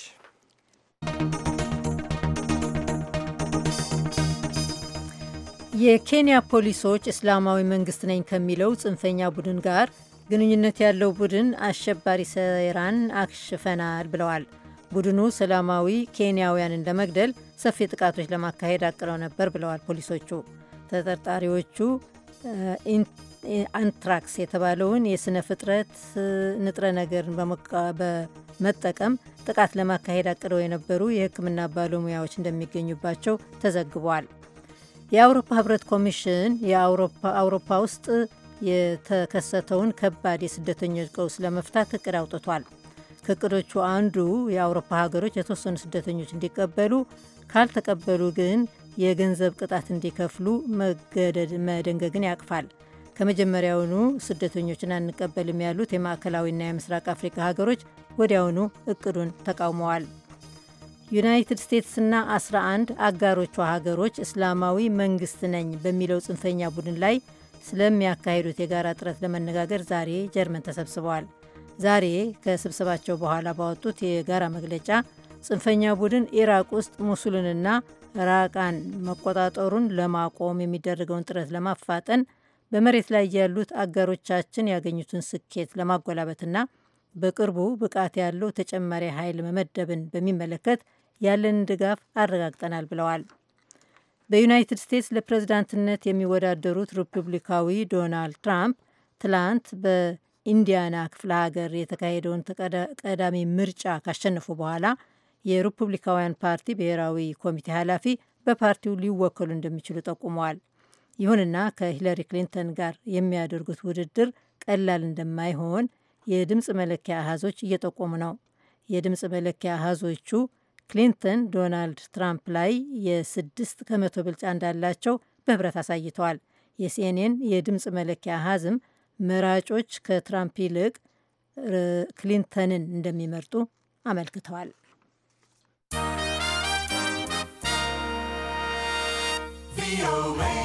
የኬንያ ፖሊሶች እስላማዊ መንግስት ነኝ ከሚለው ጽንፈኛ ቡድን ጋር ግንኙነት ያለው ቡድን አሸባሪ ሴራን አክሽፈናል ብለዋል። ቡድኑ ሰላማዊ ኬንያውያንን ለመግደል ሰፊ ጥቃቶች ለማካሄድ አቅለው ነበር ብለዋል ፖሊሶቹ። ተጠርጣሪዎቹ አንትራክስ የተባለውን የስነ ፍጥረት ንጥረ ነገርን በመጠቀም ጥቃት ለማካሄድ አቅደው የነበሩ የሕክምና ባለሙያዎች እንደሚገኙባቸው ተዘግቧል። የአውሮፓ ህብረት ኮሚሽን አውሮፓ ውስጥ የተከሰተውን ከባድ የስደተኞች ቀውስ ለመፍታት እቅድ አውጥቷል። ከእቅዶቹ አንዱ የአውሮፓ ሀገሮች የተወሰኑ ስደተኞች እንዲቀበሉ፣ ካልተቀበሉ ግን የገንዘብ ቅጣት እንዲከፍሉ መገደድ መደንገግን ያቅፋል። ከመጀመሪያውኑ ስደተኞችን አንቀበልም ያሉት የማዕከላዊና የምስራቅ አፍሪካ ሀገሮች ወዲያውኑ እቅዱን ተቃውመዋል። ዩናይትድ ስቴትስና 11 አጋሮቿ ሀገሮች እስላማዊ መንግስት ነኝ በሚለው ጽንፈኛ ቡድን ላይ ስለሚያካሂዱት የጋራ ጥረት ለመነጋገር ዛሬ ጀርመን ተሰብስበዋል። ዛሬ ከስብሰባቸው በኋላ ባወጡት የጋራ መግለጫ ጽንፈኛ ቡድን ኢራቅ ውስጥ ሙሱልንና ራቃን መቆጣጠሩን ለማቆም የሚደረገውን ጥረት ለማፋጠን በመሬት ላይ ያሉት አጋሮቻችን ያገኙትን ስኬት ለማጎላበትና በቅርቡ ብቃት ያለው ተጨማሪ ኃይል መመደብን በሚመለከት ያለንን ድጋፍ አረጋግጠናል ብለዋል። በዩናይትድ ስቴትስ ለፕሬዝዳንትነት የሚወዳደሩት ሪፑብሊካዊ ዶናልድ ትራምፕ ትላንት በኢንዲያና ክፍለ ሀገር የተካሄደውን ቀዳሚ ምርጫ ካሸነፉ በኋላ የሪፑብሊካውያን ፓርቲ ብሔራዊ ኮሚቴ ኃላፊ በፓርቲው ሊወከሉ እንደሚችሉ ጠቁመዋል። ይሁንና ከሂለሪ ክሊንተን ጋር የሚያደርጉት ውድድር ቀላል እንደማይሆን የድምፅ መለኪያ አሃዞች እየጠቆሙ ነው። የድምፅ መለኪያ አሃዞቹ ክሊንተን ዶናልድ ትራምፕ ላይ የስድስት ከመቶ ብልጫ እንዳላቸው በህብረት አሳይተዋል። የሲኤንኤን የድምፅ መለኪያ ሀዝም መራጮች ከትራምፕ ይልቅ ክሊንተንን እንደሚመርጡ አመልክተዋል። ቪኦኤ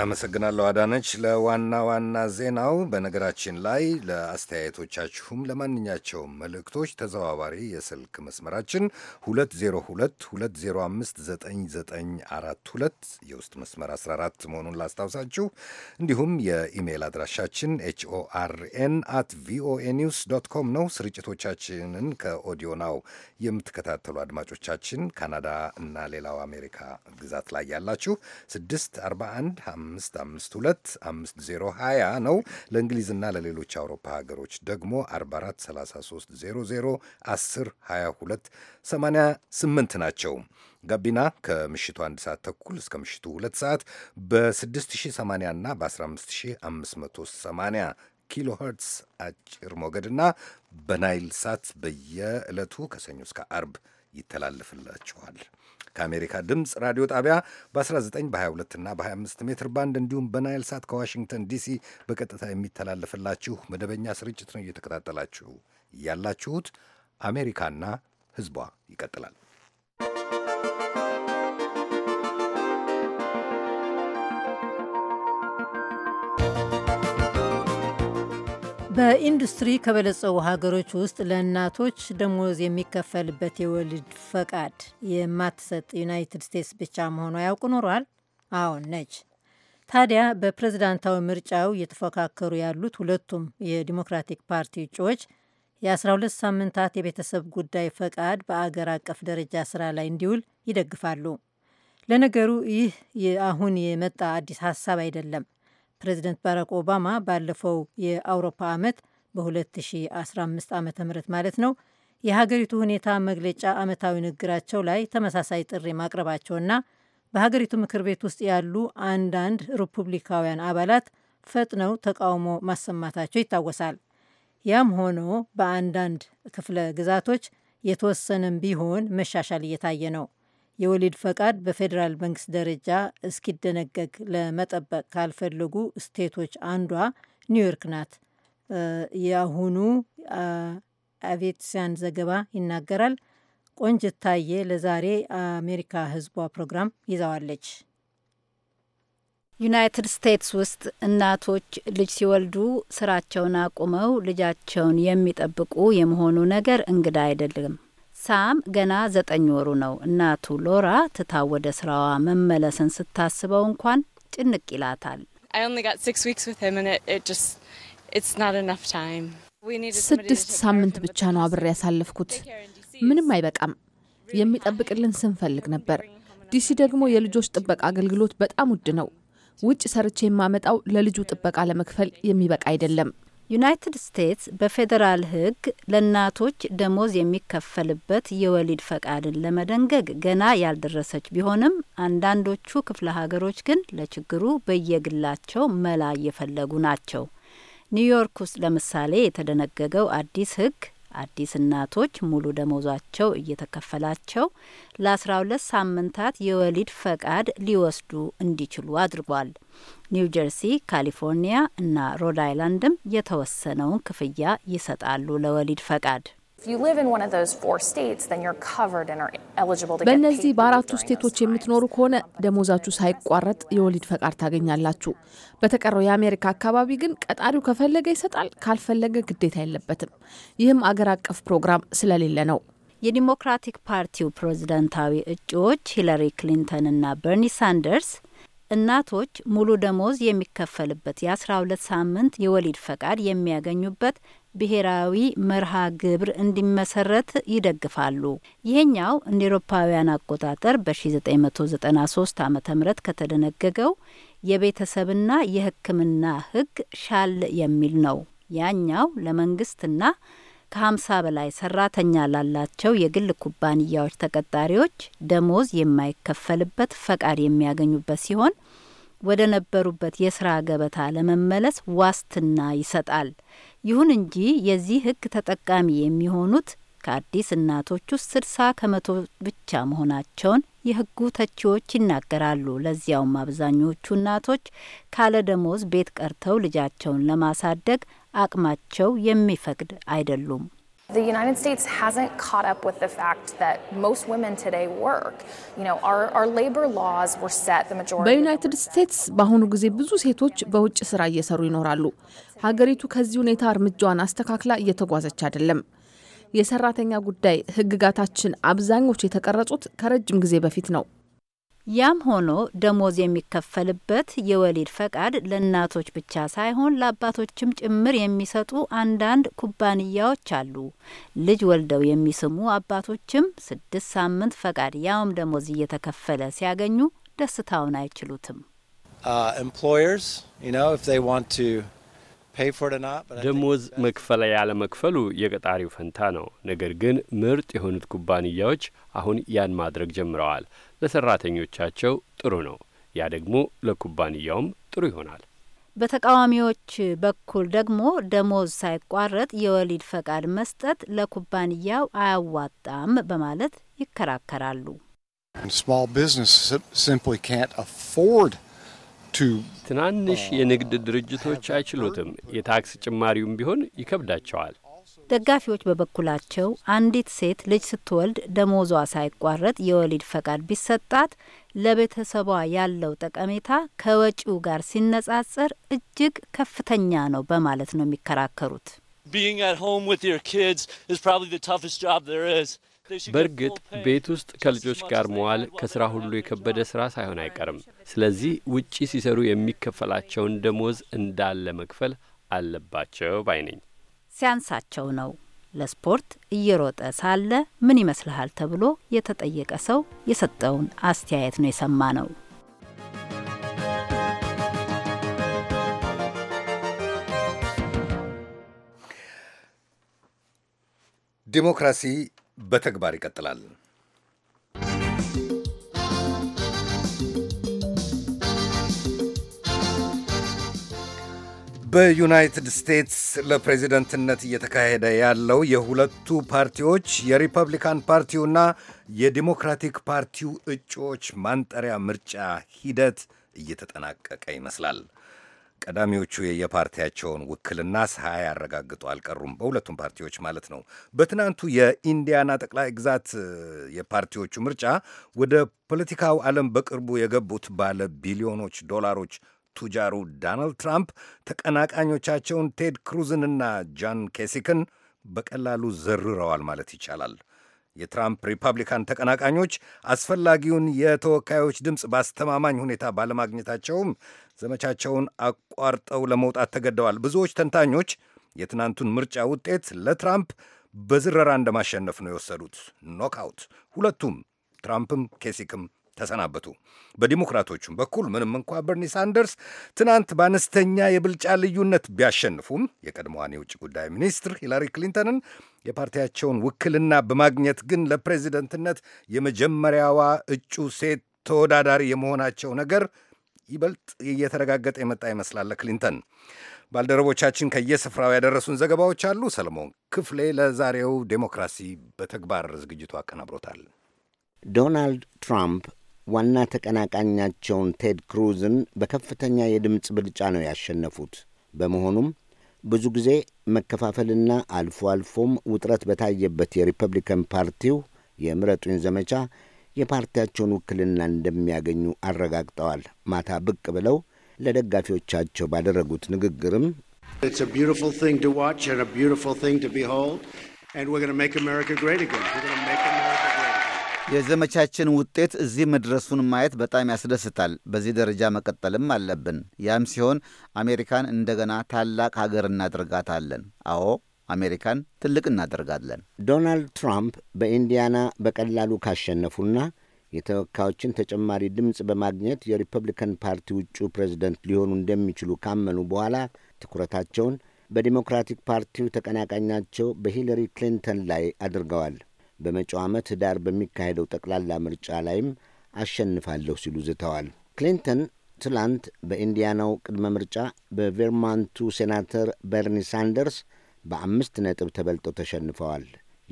አመሰግናለሁ አዳነች ለዋና ዋና ዜናው። በነገራችን ላይ ለአስተያየቶቻችሁም ለማንኛቸውም መልእክቶች ተዘዋዋሪ የስልክ መስመራችን 2022059942 የውስጥ መስመር 14 መሆኑን ላስታውሳችሁ። እንዲሁም የኢሜይል አድራሻችን ኤችኦአርኤን አት ቪኦኤ ኒውስ ዶት ኮም ነው። ስርጭቶቻችንን ከኦዲዮ ናው የምትከታተሉ አድማጮቻችን ካናዳ እና ሌላው አሜሪካ ግዛት ላይ ያላችሁ 641 552 5020 ነው። ለእንግሊዝና ለሌሎች አውሮፓ ሀገሮች ደግሞ 4433 00 10 22 88 ናቸው። ጋቢና ከምሽቱ አንድ ሰዓት ተኩል እስከ ምሽቱ ሁለት ሰዓት በ6080 እና በ15580 ኪሎ ኸርትስ አጭር ሞገድና በናይል ሳት በየዕለቱ ከሰኞ እስከ አርብ ይተላልፍላችኋል። ከአሜሪካ ድምፅ ራዲዮ ጣቢያ በ19 በ22 እና በ25 ሜትር ባንድ እንዲሁም በናይል ሳት ከዋሽንግተን ዲሲ በቀጥታ የሚተላለፍላችሁ መደበኛ ስርጭት ነው እየተከታተላችሁ ያላችሁት። አሜሪካና ህዝቧ ይቀጥላል። በኢንዱስትሪ ከበለጸጉ ሀገሮች ውስጥ ለእናቶች ደሞዝ የሚከፈልበት የወልድ ፈቃድ የማትሰጥ ዩናይትድ ስቴትስ ብቻ መሆኗ ያውቅ ኖሯል? አዎን ነች። ታዲያ በፕሬዝዳንታዊ ምርጫው እየተፎካከሩ ያሉት ሁለቱም የዲሞክራቲክ ፓርቲ እጩዎች የ12 ሳምንታት የቤተሰብ ጉዳይ ፈቃድ በአገር አቀፍ ደረጃ ስራ ላይ እንዲውል ይደግፋሉ። ለነገሩ ይህ አሁን የመጣ አዲስ ሀሳብ አይደለም። ፕሬዚደንት ባራክ ኦባማ ባለፈው የአውሮፓ ዓመት በ2015 ዓ ም ማለት ነው የሀገሪቱ ሁኔታ መግለጫ ዓመታዊ ንግግራቸው ላይ ተመሳሳይ ጥሪ ማቅረባቸውና በሀገሪቱ ምክር ቤት ውስጥ ያሉ አንዳንድ ሪፑብሊካውያን አባላት ፈጥነው ተቃውሞ ማሰማታቸው ይታወሳል። ያም ሆኖ በአንዳንድ ክፍለ ግዛቶች የተወሰነም ቢሆን መሻሻል እየታየ ነው። የወሊድ ፈቃድ በፌዴራል መንግስት ደረጃ እስኪደነገግ ለመጠበቅ ካልፈለጉ ስቴቶች አንዷ ኒውዮርክ ናት። የአሁኑ አቬትሲያን ዘገባ ይናገራል። ቆንጅት ለዛሬ አሜሪካ ህዝቧ ፕሮግራም ይዛዋለች። ዩናይትድ ስቴትስ ውስጥ እናቶች ልጅ ሲወልዱ ስራቸውን አቁመው ልጃቸውን የሚጠብቁ የመሆኑ ነገር እንግዳ አይደለም። ሳም ገና ዘጠኝ ወሩ ነው። እናቱ ሎራ ትታ ወደ ስራዋ መመለስን ስታስበው እንኳን ጭንቅ ይላታል። ስድስት ሳምንት ብቻ ነው አብሬ ያሳለፍኩት። ምንም አይበቃም። የሚጠብቅልን ስንፈልግ ነበር። ዲሲ ደግሞ የልጆች ጥበቃ አገልግሎት በጣም ውድ ነው። ውጭ ሰርቼ የማመጣው ለልጁ ጥበቃ ለመክፈል የሚበቃ አይደለም። ዩናይትድ ስቴትስ በፌዴራል ሕግ ለእናቶች ደሞዝ የሚከፈልበት የወሊድ ፈቃድን ለመደንገግ ገና ያልደረሰች ቢሆንም አንዳንዶቹ ክፍለ ሀገሮች ግን ለችግሩ በየግላቸው መላ እየፈለጉ ናቸው። ኒውዮርክ ውስጥ ለምሳሌ የተደነገገው አዲስ ሕግ አዲስ እናቶች ሙሉ ደሞዛቸው እየተከፈላቸው ለ12 ሳምንታት የወሊድ ፈቃድ ሊወስዱ እንዲችሉ አድርጓል። ኒው ጀርሲ፣ ካሊፎርኒያ እና ሮድ አይላንድም የተወሰነውን ክፍያ ይሰጣሉ ለወሊድ ፈቃድ። በእነዚህ በአራቱ ስቴቶች የምትኖሩ ከሆነ ደሞዛችሁ ሳይቋረጥ የወሊድ ፈቃድ ታገኛላችሁ። በተቀረው የአሜሪካ አካባቢ ግን ቀጣሪው ከፈለገ ይሰጣል፣ ካልፈለገ ግዴታ የለበትም። ይህም አገር አቀፍ ፕሮግራም ስለሌለ ነው። የዲሞክራቲክ ፓርቲው ፕሬዝደንታዊ እጩዎች ሂለሪ ክሊንተንና በርኒ ሳንደርስ እናቶች ሙሉ ደሞዝ የሚከፈልበት የ12 ሳምንት የወሊድ ፈቃድ የሚያገኙበት ብሔራዊ መርሃ ግብር እንዲመሰረት ይደግፋሉ። ይሄኛው እንደ ኤሮፓውያን አቆጣጠር በ1993 ዓ ም ከተደነገገው የቤተሰብና የሕክምና ሕግ ሻል የሚል ነው። ያኛው ለመንግስትና ከ50 በላይ ሰራተኛ ላላቸው የግል ኩባንያዎች ተቀጣሪዎች ደሞዝ የማይከፈልበት ፈቃድ የሚያገኙበት ሲሆን ወደ ነበሩበት የስራ ገበታ ለመመለስ ዋስትና ይሰጣል። ይሁን እንጂ የዚህ ህግ ተጠቃሚ የሚሆኑት ከአዲስ እናቶች ውስጥ ስድሳ ከመቶ ብቻ መሆናቸውን የህጉ ተቺዎች ይናገራሉ። ለዚያውም አብዛኞቹ እናቶች ካለ ደሞዝ ቤት ቀርተው ልጃቸውን ለማሳደግ አቅማቸው የሚፈቅድ አይደሉም። The United States hasn't caught up with the fact that most women today work. You know, our, our labor laws were set the majority. በዩናይትድ ስቴትስ በአሁኑ ጊዜ ብዙ ሴቶች በውጭ ስራ እየሰሩ ይኖራሉ። ሀገሪቱ ከዚህ ሁኔታ እርምጃዋን አስተካክላ እየተጓዘች አይደለም። የሰራተኛ ጉዳይ ህግጋታችን አብዛኞቹ የተቀረጹት ከረጅም ጊዜ በፊት ነው። ያም ሆኖ ደሞዝ የሚከፈልበት የወሊድ ፈቃድ ለእናቶች ብቻ ሳይሆን ለአባቶችም ጭምር የሚሰጡ አንዳንድ ኩባንያዎች አሉ። ልጅ ወልደው የሚስሙ አባቶችም ስድስት ሳምንት ፈቃድ ያውም ደሞዝ እየተከፈለ ሲያገኙ ደስታውን አይችሉትም። uh, ደሞዝ መክፈል ያለመክፈሉ የቀጣሪው ፈንታ ነው። ነገር ግን ምርጥ የሆኑት ኩባንያዎች አሁን ያን ማድረግ ጀምረዋል። ለሰራተኞቻቸው ጥሩ ነው። ያ ደግሞ ለኩባንያውም ጥሩ ይሆናል። በተቃዋሚዎች በኩል ደግሞ ደሞዝ ሳይቋረጥ የወሊድ ፈቃድ መስጠት ለኩባንያው አያዋጣም በማለት ይከራከራሉ። ትናንሽ የንግድ ድርጅቶች አይችሉትም። የታክስ ጭማሪውም ቢሆን ይከብዳቸዋል። ደጋፊዎች በበኩላቸው አንዲት ሴት ልጅ ስትወልድ ደሞዟ ሳይቋረጥ የወሊድ ፈቃድ ቢሰጣት ለቤተሰቧ ያለው ጠቀሜታ ከወጪው ጋር ሲነጻጸር እጅግ ከፍተኛ ነው በማለት ነው የሚከራከሩት። በእርግጥ ቤት ውስጥ ከልጆች ጋር መዋል ከስራ ሁሉ የከበደ ስራ ሳይሆን አይቀርም። ስለዚህ ውጪ ሲሰሩ የሚከፈላቸውን ደሞዝ እንዳለ መክፈል አለባቸው ባይ ነኝ። ሲያንሳቸው ነው። ለስፖርት እየሮጠ ሳለ ምን ይመስልሃል ተብሎ የተጠየቀ ሰው የሰጠውን አስተያየት ነው የሰማ ነው። ዲሞክራሲ በተግባር ይቀጥላል። በዩናይትድ ስቴትስ ለፕሬዚደንትነት እየተካሄደ ያለው የሁለቱ ፓርቲዎች የሪፐብሊካን ፓርቲውና የዲሞክራቲክ ፓርቲው እጩዎች ማንጠሪያ ምርጫ ሂደት እየተጠናቀቀ ይመስላል። ቀዳሚዎቹ የየፓርቲያቸውን ውክልና ሳያረጋግጡ አልቀሩም። በሁለቱም ፓርቲዎች ማለት ነው። በትናንቱ የኢንዲያና ጠቅላይ ግዛት የፓርቲዎቹ ምርጫ ወደ ፖለቲካው ዓለም በቅርቡ የገቡት ባለ ቢሊዮኖች ዶላሮች ቱጃሩ ዳናልድ ትራምፕ ተቀናቃኞቻቸውን ቴድ ክሩዝንና ጃን ኬሲክን በቀላሉ ዘርረዋል ማለት ይቻላል። የትራምፕ ሪፐብሊካን ተቀናቃኞች አስፈላጊውን የተወካዮች ድምፅ በአስተማማኝ ሁኔታ ባለማግኘታቸውም ዘመቻቸውን አቋርጠው ለመውጣት ተገደዋል። ብዙዎች ተንታኞች የትናንቱን ምርጫ ውጤት ለትራምፕ በዝረራ እንደማሸነፍ ነው የወሰዱት። ኖክአውት ሁለቱም ትራምፕም ኬሲክም ተሰናበቱ። በዲሞክራቶቹም በኩል ምንም እንኳ በርኒ ሳንደርስ ትናንት በአነስተኛ የብልጫ ልዩነት ቢያሸንፉም የቀድሞዋን የውጭ ጉዳይ ሚኒስትር ሂላሪ ክሊንተንን የፓርቲያቸውን ውክልና በማግኘት ግን ለፕሬዚደንትነት የመጀመሪያዋ እጩ ሴት ተወዳዳሪ የመሆናቸው ነገር ይበልጥ እየተረጋገጠ የመጣ ይመስላል። ክሊንተን ባልደረቦቻችን ከየስፍራው ያደረሱን ዘገባዎች አሉ። ሰለሞን ክፍሌ ለዛሬው ዴሞክራሲ በተግባር ዝግጅቱ አቀናብሮታል። ዶናልድ ትራምፕ ዋና ተቀናቃኛቸውን ቴድ ክሩዝን በከፍተኛ የድምፅ ብልጫ ነው ያሸነፉት። በመሆኑም ብዙ ጊዜ መከፋፈልና አልፎ አልፎም ውጥረት በታየበት የሪፐብሊካን ፓርቲው የምረጡኝ ዘመቻ የፓርቲያቸውን ውክልና እንደሚያገኙ አረጋግጠዋል። ማታ ብቅ ብለው ለደጋፊዎቻቸው ባደረጉት ንግግርም It's የዘመቻችን ውጤት እዚህ መድረሱን ማየት በጣም ያስደስታል። በዚህ ደረጃ መቀጠልም አለብን። ያም ሲሆን አሜሪካን እንደገና ታላቅ ሀገር እናደርጋታለን። አዎ አሜሪካን ትልቅ እናደርጋለን። ዶናልድ ትራምፕ በኢንዲያና በቀላሉ ካሸነፉና የተወካዮችን ተጨማሪ ድምፅ በማግኘት የሪፐብሊካን ፓርቲ ውጩ ፕሬዝደንት ሊሆኑ እንደሚችሉ ካመኑ በኋላ ትኩረታቸውን በዲሞክራቲክ ፓርቲው ተቀናቃኛቸው በሂለሪ ክሊንተን ላይ አድርገዋል። በመጪው ዓመት ህዳር በሚካሄደው ጠቅላላ ምርጫ ላይም አሸንፋለሁ ሲሉ ዝተዋል። ክሊንተን ትላንት በኢንዲያናው ቅድመ ምርጫ በቬርማንቱ ሴናተር በርኒ ሳንደርስ በአምስት ነጥብ ተበልጠው ተሸንፈዋል።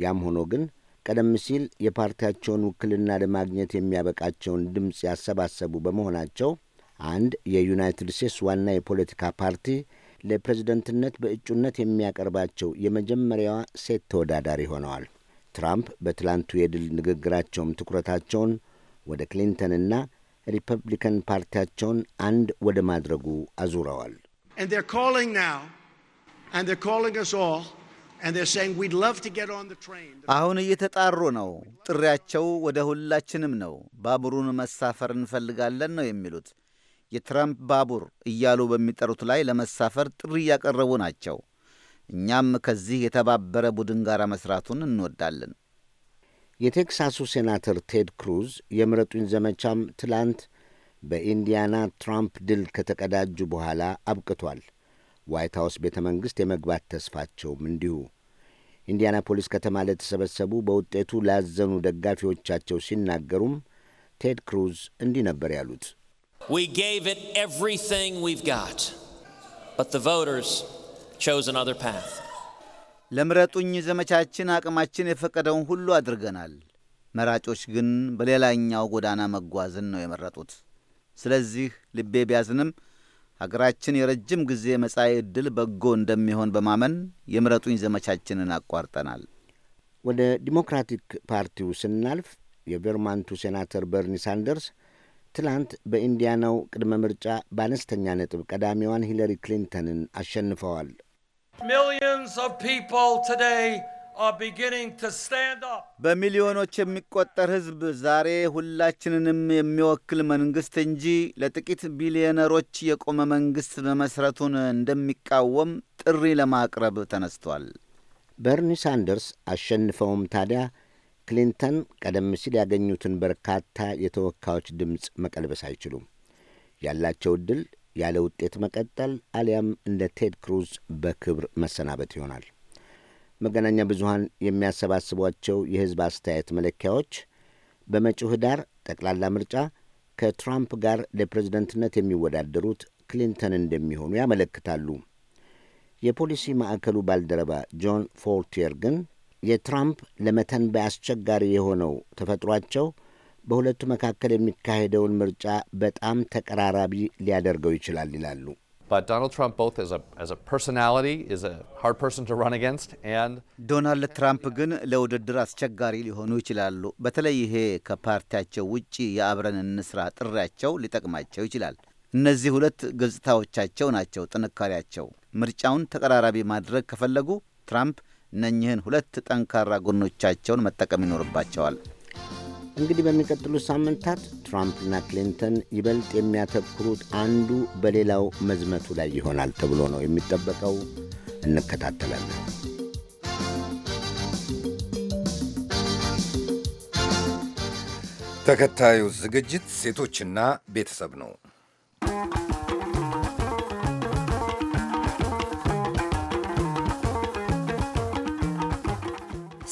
ያም ሆኖ ግን ቀደም ሲል የፓርቲያቸውን ውክልና ለማግኘት የሚያበቃቸውን ድምፅ ያሰባሰቡ በመሆናቸው አንድ የዩናይትድ ስቴትስ ዋና የፖለቲካ ፓርቲ ለፕሬዝደንትነት በእጩነት የሚያቀርባቸው የመጀመሪያዋ ሴት ተወዳዳሪ ሆነዋል። ትራምፕ በትላንቱ የድል ንግግራቸውም ትኩረታቸውን ወደ ክሊንተንና ሪፐብሊካን ፓርቲያቸውን አንድ ወደ ማድረጉ አዙረዋል። አሁን እየተጣሩ ነው። ጥሪያቸው ወደ ሁላችንም ነው። ባቡሩን መሳፈር እንፈልጋለን ነው የሚሉት። የትራምፕ ባቡር እያሉ በሚጠሩት ላይ ለመሳፈር ጥሪ እያቀረቡ ናቸው። እኛም ከዚህ የተባበረ ቡድን ጋር መስራቱን እንወዳለን። የቴክሳሱ ሴናተር ቴድ ክሩዝ የምረጡኝ ዘመቻም ትላንት በኢንዲያና ትራምፕ ድል ከተቀዳጁ በኋላ አብቅቷል። ዋይት ሀውስ ቤተ መንግሥት የመግባት ተስፋቸውም እንዲሁ። ኢንዲያናፖሊስ ከተማ ለተሰበሰቡ በውጤቱ ላዘኑ ደጋፊዎቻቸው ሲናገሩም ቴድ ክሩዝ እንዲህ ነበር ያሉት። chose another path. ለምረጡኝ ዘመቻችን አቅማችን የፈቀደውን ሁሉ አድርገናል። መራጮች ግን በሌላኛው ጎዳና መጓዝን ነው የመረጡት። ስለዚህ ልቤ ቢያዝንም ሀገራችን የረጅም ጊዜ መጻኢ ዕድል በጎ እንደሚሆን በማመን የምረጡኝ ዘመቻችንን አቋርጠናል። ወደ ዲሞክራቲክ ፓርቲው ስናልፍ የቬርማንቱ ሴናተር በርኒ ሳንደርስ ትላንት በኢንዲያናው ቅድመ ምርጫ በአነስተኛ ነጥብ ቀዳሚዋን ሂለሪ ክሊንተንን አሸንፈዋል። በሚሊዮኖች የሚቆጠር ሕዝብ ዛሬ ሁላችንንም የሚወክል መንግሥት እንጂ ለጥቂት ቢሊዮነሮች የቆመ መንግሥት መመስረቱን እንደሚቃወም ጥሪ ለማቅረብ ተነስቷል። በርኒ ሳንደርስ አሸንፈውም ታዲያ ክሊንተን ቀደም ሲል ያገኙትን በርካታ የተወካዮች ድምፅ መቀልበስ አይችሉም። ያላቸው ዕድል ያለ ውጤት መቀጠል አሊያም እንደ ቴድ ክሩዝ በክብር መሰናበት ይሆናል። መገናኛ ብዙሃን የሚያሰባስቧቸው የሕዝብ አስተያየት መለኪያዎች በመጪው ኅዳር ጠቅላላ ምርጫ ከትራምፕ ጋር ለፕሬዝደንትነት የሚወዳደሩት ክሊንተን እንደሚሆኑ ያመለክታሉ። የፖሊሲ ማዕከሉ ባልደረባ ጆን ፎርቲየር ግን የትራምፕ ለመተንበይ አስቸጋሪ የሆነው ተፈጥሯቸው በሁለቱ መካከል የሚካሄደውን ምርጫ በጣም ተቀራራቢ ሊያደርገው ይችላል ይላሉ። ዶናልድ ትራምፕ ግን ለውድድር አስቸጋሪ ሊሆኑ ይችላሉ። በተለይ ይሄ ከፓርቲያቸው ውጪ የአብረን እንስራ ጥሪያቸው ሊጠቅማቸው ይችላል። እነዚህ ሁለት ገጽታዎቻቸው ናቸው ጥንካሬያቸው። ምርጫውን ተቀራራቢ ማድረግ ከፈለጉ ትራምፕ እነኚህን ሁለት ጠንካራ ጎኖቻቸውን መጠቀም ይኖርባቸዋል። እንግዲህ በሚቀጥሉት ሳምንታት ትራምፕና ክሊንተን ይበልጥ የሚያተኩሩት አንዱ በሌላው መዝመቱ ላይ ይሆናል ተብሎ ነው የሚጠበቀው። እንከታተላለን። ተከታዩ ዝግጅት ሴቶችና ቤተሰብ ነው።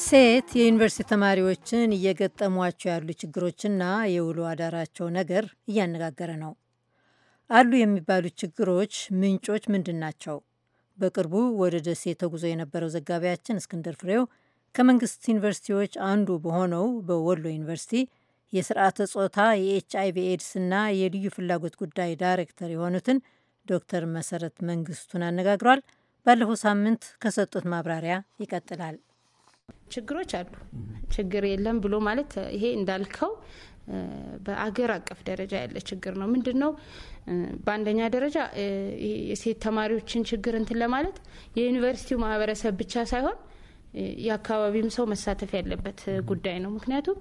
ሴት የዩኒቨርሲቲ ተማሪዎችን እየገጠሟቸው ያሉ ችግሮችና የውሎ አዳራቸው ነገር እያነጋገረ ነው። አሉ የሚባሉ ችግሮች ምንጮች ምንድን ናቸው? በቅርቡ ወደ ደሴ ተጉዞ የነበረው ዘጋቢያችን እስክንድር ፍሬው ከመንግስት ዩኒቨርሲቲዎች አንዱ በሆነው በወሎ ዩኒቨርሲቲ የስርዓተ ጾታ የኤች አይቪ ኤድስና የልዩ ፍላጎት ጉዳይ ዳይሬክተር የሆኑትን ዶክተር መሰረት መንግስቱን አነጋግሯል። ባለፈው ሳምንት ከሰጡት ማብራሪያ ይቀጥላል። ችግሮች አሉ። ችግር የለም ብሎ ማለት ይሄ እንዳልከው በአገር አቀፍ ደረጃ ያለ ችግር ነው። ምንድን ነው? በአንደኛ ደረጃ የሴት ተማሪዎችን ችግር እንትን ለማለት የዩኒቨርሲቲው ማህበረሰብ ብቻ ሳይሆን የአካባቢም ሰው መሳተፍ ያለበት ጉዳይ ነው። ምክንያቱም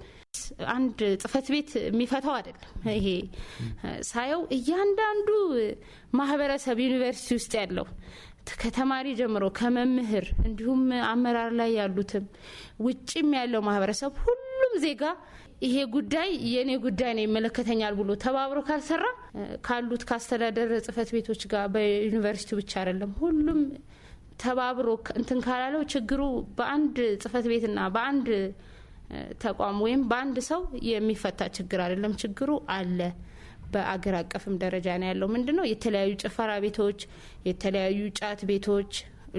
አንድ ጽህፈት ቤት የሚፈታው አይደለም። ይሄ ሳየው እያንዳንዱ ማህበረሰብ ዩኒቨርሲቲ ውስጥ ያለው ከተማሪ ጀምሮ ከመምህር እንዲሁም አመራር ላይ ያሉትም ውጭም ያለው ማህበረሰብ ሁሉም ዜጋ ይሄ ጉዳይ የእኔ ጉዳይ ነው ይመለከተኛል ብሎ ተባብሮ ካልሰራ ካሉት ከአስተዳደር ጽህፈት ቤቶች ጋር በዩኒቨርሲቲው ብቻ አይደለም ሁሉም ተባብሮ እንትን ካላለው ችግሩ በአንድ ጽህፈት ቤትና በአንድ ተቋም ወይም በአንድ ሰው የሚፈታ ችግር አይደለም። ችግሩ አለ። በአገር አቀፍም ደረጃ ነው ያለው። ምንድነው የተለያዩ ጭፈራ ቤቶች፣ የተለያዩ ጫት ቤቶች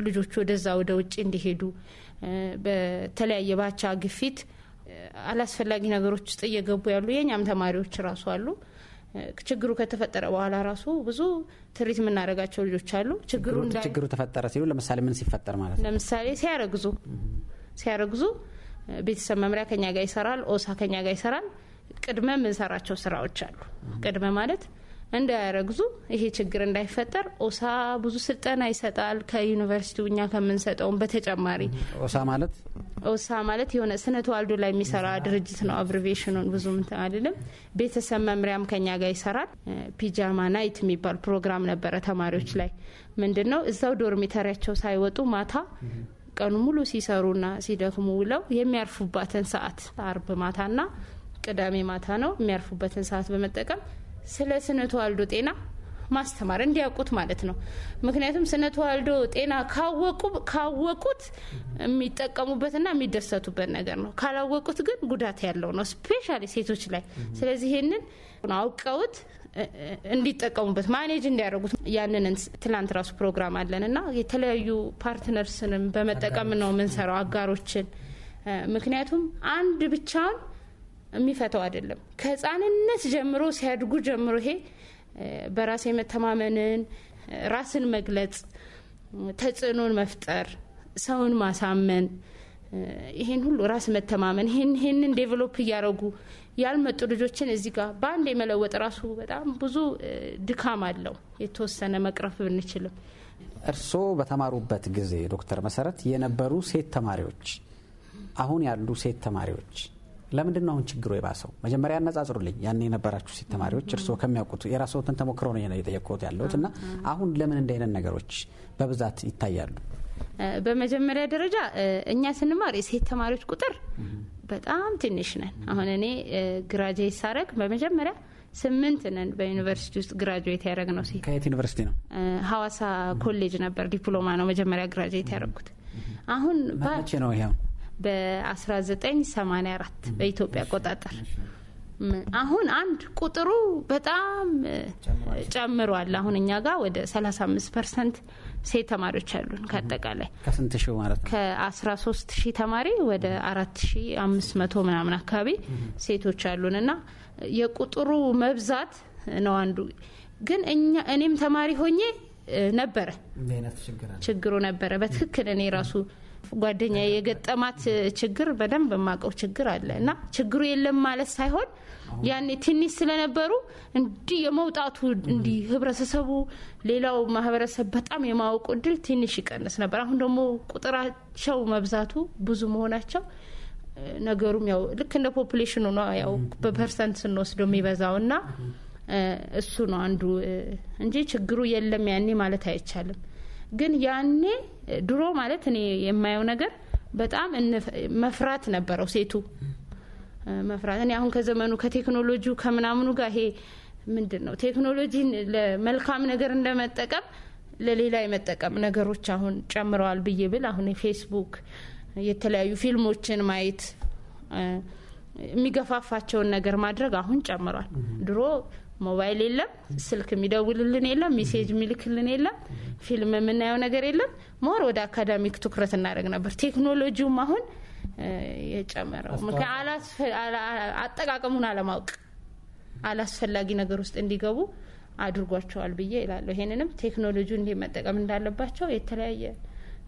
ልጆቹ ወደዛ ወደ ውጭ እንዲሄዱ በተለያየ ባቻ ግፊት አላስፈላጊ ነገሮች ውስጥ እየገቡ ያሉ የኛም ተማሪዎች ራሱ አሉ። ችግሩ ከተፈጠረ በኋላ ራሱ ብዙ ትሪት የምናደርጋቸው ልጆች አሉ። ችግሩ ተፈጠረ ሲሉ ለምሳሌ ምን ሲፈጠር ማለት ነው? ለምሳሌ ሲያረግዙ ሲያረግዙ ቤተሰብ መምሪያ ከኛ ጋር ይሰራል። ኦሳ ከኛ ጋር ይሰራል። ቅድመ የምንሰራቸው ስራዎች አሉ። ቅድመ ማለት እንዳያረግዙ ይሄ ችግር እንዳይፈጠር ኦሳ ብዙ ስልጠና ይሰጣል። ከዩኒቨርሲቲ እኛ ከምንሰጠውም በተጨማሪ ኦሳ ማለት ኦሳ ማለት የሆነ ስነ ተዋልዶ ላይ የሚሰራ ድርጅት ነው። አብሪቬሽኑን ብዙ እንትን ቤተሰብ መምሪያም ከኛ ጋር ይሰራል። ፒጃማ ናይት የሚባል ፕሮግራም ነበረ ተማሪዎች ላይ ምንድን ነው እዛው ዶርሚተሪያቸው ሳይወጡ ማታ ቀኑ ሙሉ ሲሰሩና ሲደክሙ ውለው የሚያርፉባትን ሰዓት አርብ ማታና ቅዳሜ ማታ ነው የሚያርፉበትን ሰዓት በመጠቀም ስለ ስነ ተዋልዶ ጤና ማስተማር እንዲያውቁት ማለት ነው። ምክንያቱም ስነ ተዋልዶ ጤና ካወቁት የሚጠቀሙበትና የሚደሰቱበት ነገር ነው። ካላወቁት ግን ጉዳት ያለው ነው፣ ስፔሻሊ ሴቶች ላይ። ስለዚህ ይህንን አውቀውት እንዲጠቀሙበት ማኔጅ እንዲያደርጉት ያንንን ትላንት ራሱ ፕሮግራም አለን እና የተለያዩ ፓርትነርስንም በመጠቀም ነው የምንሰራው አጋሮችን ምክንያቱም አንድ ብቻውን የሚፈተው አይደለም። ከህፃንነት ጀምሮ ሲያድጉ ጀምሮ ይሄ በራስ የመተማመንን ራስን መግለጽ፣ ተጽዕኖን መፍጠር፣ ሰውን ማሳመን ይሄን ሁሉ ራስ መተማመን ይሄን ይሄንን ዴቨሎፕ እያደረጉ ያልመጡ ልጆችን እዚህ ጋር በአንድ የመለወጥ ራሱ በጣም ብዙ ድካም አለው። የተወሰነ መቅረፍ ብንችልም እርስዎ በተማሩበት ጊዜ ዶክተር መሰረት የነበሩ ሴት ተማሪዎች አሁን ያሉ ሴት ተማሪዎች ለምንድን ነው አሁን ችግሩ የባሰው? መጀመሪያ ያነጻጽሩልኝ። ያን የነበራችሁ ሴት ተማሪዎች እርስዎ ከሚያውቁት የራስዎትን ተሞክሮ ነው የጠየቅኩት ያለሁት እና አሁን ለምን እንደ አይነት ነገሮች በብዛት ይታያሉ? በመጀመሪያ ደረጃ እኛ ስንማር የሴት ተማሪዎች ቁጥር በጣም ትንሽ ነን። አሁን እኔ ግራጅዌት ሳረግ በመጀመሪያ ስምንት ነን በዩኒቨርሲቲ ውስጥ ግራጅዌት ያደረግ ነው ሴት። ከየት ዩኒቨርሲቲ ነው? ሀዋሳ ኮሌጅ ነበር ዲፕሎማ ነው መጀመሪያ ግራጅዌት ያደረግኩት። አሁን መቼ ነው ይሄ በ1984 በኢትዮጵያ አቆጣጠር። አሁን አንድ ቁጥሩ በጣም ጨምሯል። አሁን እኛ ጋር ወደ 35 ፐርሰንት ሴት ተማሪዎች አሉን። ከአጠቃላይ ከስንት ሺህ ማለት ነው? ከ13 ሺህ ተማሪ ወደ 4500 ምናምን አካባቢ ሴቶች አሉን እና የቁጥሩ መብዛት ነው አንዱ ግን እኛ እኔም ተማሪ ሆኜ ነበረ ችግሩ ነበረ በትክክል እኔ ራሱ ጓደኛ የገጠማት ችግር በደንብ የማውቀው ችግር አለ እና ችግሩ የለም ማለት ሳይሆን ያኔ ትንሽ ስለነበሩ እንዲህ የመውጣቱ እንዲህ ህብረተሰቡ ሌላው ማህበረሰብ በጣም የማወቁ እድል ትንሽ ይቀንስ ነበር። አሁን ደግሞ ቁጥራቸው መብዛቱ ብዙ መሆናቸው ነገሩም ያው ልክ እንደ ፖፕሌሽኑ ነው። ያው በፐርሰንት ስንወስደው የሚበዛው እና እሱ ነው አንዱ እንጂ ችግሩ የለም ያኔ ማለት አይቻልም። ግን ያኔ ድሮ ማለት እኔ የማየው ነገር በጣም መፍራት ነበረው ሴቱ መፍራት። እኔ አሁን ከዘመኑ ከቴክኖሎጂ ከምናምኑ ጋር ይሄ ምንድን ነው ቴክኖሎጂን ለመልካም ነገር እንደመጠቀም ለሌላ የመጠቀም ነገሮች አሁን ጨምረዋል ብዬ ብል አሁን ፌስቡክ የተለያዩ ፊልሞችን ማየት የሚገፋፋቸውን ነገር ማድረግ አሁን ጨምሯል። ድሮ ሞባይል የለም፣ ስልክ የሚደውልልን የለም፣ ሜሴጅ የሚልክልን የለም፣ ፊልም የምናየው ነገር የለም። ሞር ወደ አካዳሚክ ትኩረት እናደርግ ነበር። ቴክኖሎጂውም አሁን የጨመረው አጠቃቀሙን አለማወቅ አላስፈላጊ ነገር ውስጥ እንዲገቡ አድርጓቸዋል ብዬ ይላለሁ። ይሄንንም ቴክኖሎጂ እንዴት መጠቀም እንዳለባቸው የተለያየ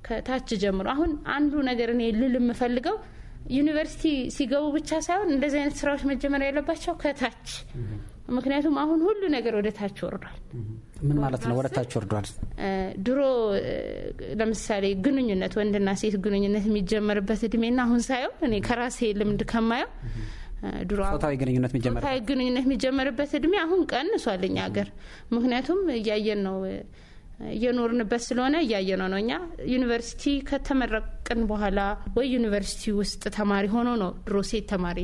ከታች ጀምሮ አሁን አንዱ ነገር እኔ ልል የምፈልገው ዩኒቨርሲቲ ሲገቡ ብቻ ሳይሆን እንደዚህ አይነት ስራዎች መጀመሪያ ያለባቸው ከታች ምክንያቱም አሁን ሁሉ ነገር ወደ ታች ወርዷል። ምን ማለት ነው? ወደ ታች ወርዷል። ድሮ ለምሳሌ ግንኙነት ወንድና ሴት ግንኙነት የሚጀመርበት እድሜና አሁን ሳየው እኔ ከራሴ ልምድ ከማየው ጾታዊ ግንኙነት የሚጀመርበት እድሜ አሁን ቀንሷል እኛ ሀገር። ምክንያቱም እያየን ነው እየኖርንበት ስለሆነ ነው ነው። እኛ ዩኒቨርሲቲ ከተመረቅን በኋላ ወይ ዩኒቨርሲቲ ውስጥ ተማሪ ሆኖ ነው ድሮ ሴት ተማሪ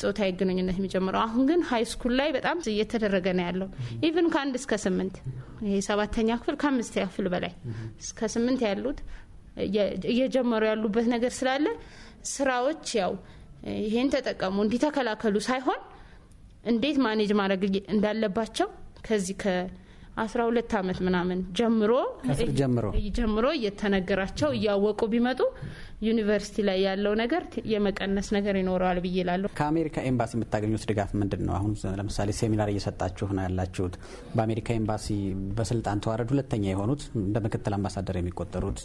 ጾታዊ ግንኙነት የሚጀምረው። አሁን ግን ሀይ ስኩል ላይ በጣም እየተደረገ ነው ያለው። ኢቭን ከአንድ እስከ ስምንት ይሄ ሰባተኛ ክፍል ከአምስት ክፍል በላይ እስከ ስምንት ያሉት እየጀመሩ ያሉበት ነገር ስላለ ስራዎች ያው ይሄን ተጠቀሙ እንዲተከላከሉ ሳይሆን እንዴት ማኔጅ ማድረግ እንዳለባቸው ከዚህ ከአስራ ሁለት አመት ምናምን ጀምሮ ጀምሮ እየተነገራቸው እያወቁ ቢመጡ ዩኒቨርሲቲ ላይ ያለው ነገር የመቀነስ ነገር ይኖረዋል ብዬ እላለሁ። ከአሜሪካ ኤምባሲ የምታገኙት ድጋፍ ምንድን ነው? አሁን ለምሳሌ ሴሚናር እየሰጣችሁ ነው ያላችሁት። በአሜሪካ ኤምባሲ በስልጣን ተዋረድ ሁለተኛ የሆኑት እንደ ምክትል አምባሳደር የሚቆጠሩት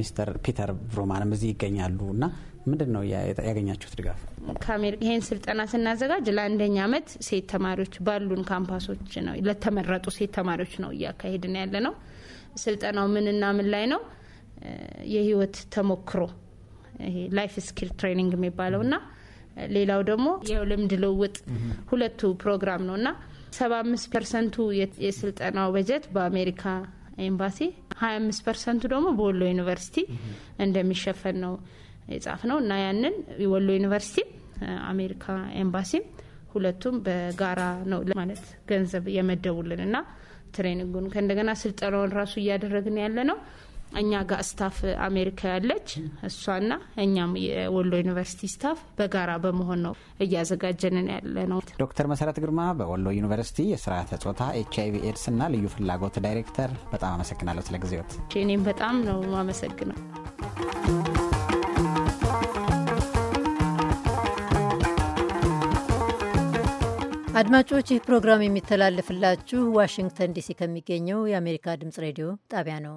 ሚስተር ፒተር ቭሮማንም እዚህ ይገኛሉ እና ምንድን ነው ያገኛችሁት ድጋፍ? ከአሜሪካ ይህን ስልጠና ስናዘጋጅ ለአንደኛ ዓመት ሴት ተማሪዎች ባሉን ካምፓሶች ነው ለተመረጡ ሴት ተማሪዎች ነው እያካሄድን ያለ ነው። ስልጠናው ምንና ምን ላይ ነው? የህይወት ተሞክሮ ላይፍ ስኪል ትሬኒንግ የሚባለው እና ሌላው ደግሞ የልምድ ልውውጥ ሁለቱ ፕሮግራም ነው እና ሰባ አምስት ፐርሰንቱ የስልጠናው በጀት በአሜሪካ ኤምባሲ ሀያ አምስት ፐርሰንቱ ደግሞ በወሎ ዩኒቨርሲቲ እንደሚሸፈን ነው የጻፍ ነው እና ያንን የወሎ ዩኒቨርሲቲ አሜሪካ ኤምባሲም ሁለቱም በጋራ ነው ማለት ገንዘብ የመደቡልን እና ትሬኒንጉን ከእንደገና ስልጠናውን ራሱ እያደረግን ያለ ነው እኛ ጋ ስታፍ አሜሪካ ያለች እሷና እኛም የወሎ ዩኒቨርሲቲ ስታፍ በጋራ በመሆን ነው እያዘጋጀንን ያለ ነው። ዶክተር መሰረት ግርማ በወሎ ዩኒቨርሲቲ የስርዓተ ጾታ ኤች አይቪ ኤድስና ልዩ ፍላጎት ዳይሬክተር፣ በጣም አመሰግናለሁ ስለ ጊዜዎት። እኔም በጣም ነው አመሰግነው። አድማጮች ይህ ፕሮግራም የሚተላለፍላችሁ ዋሽንግተን ዲሲ ከሚገኘው የአሜሪካ ድምጽ ሬዲዮ ጣቢያ ነው።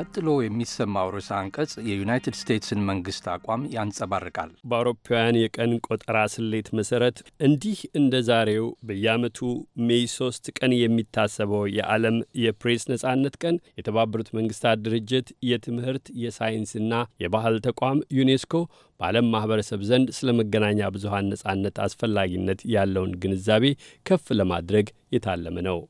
ቀጥሎ የሚሰማው ርዕሰ አንቀጽ የዩናይትድ ስቴትስን መንግስት አቋም ያንጸባርቃል። በአውሮፓውያን የቀን ቆጠራ ስሌት መሰረት እንዲህ እንደ ዛሬው በየዓመቱ ሜይ ሶስት ቀን የሚታሰበው የዓለም የፕሬስ ነጻነት ቀን የተባበሩት መንግስታት ድርጅት የትምህርት የሳይንስና የባህል ተቋም ዩኔስኮ በዓለም ማህበረሰብ ዘንድ ስለ መገናኛ ብዙሀን ነጻነት አስፈላጊነት ያለውን ግንዛቤ ከፍ ለማድረግ የታለመ ነው።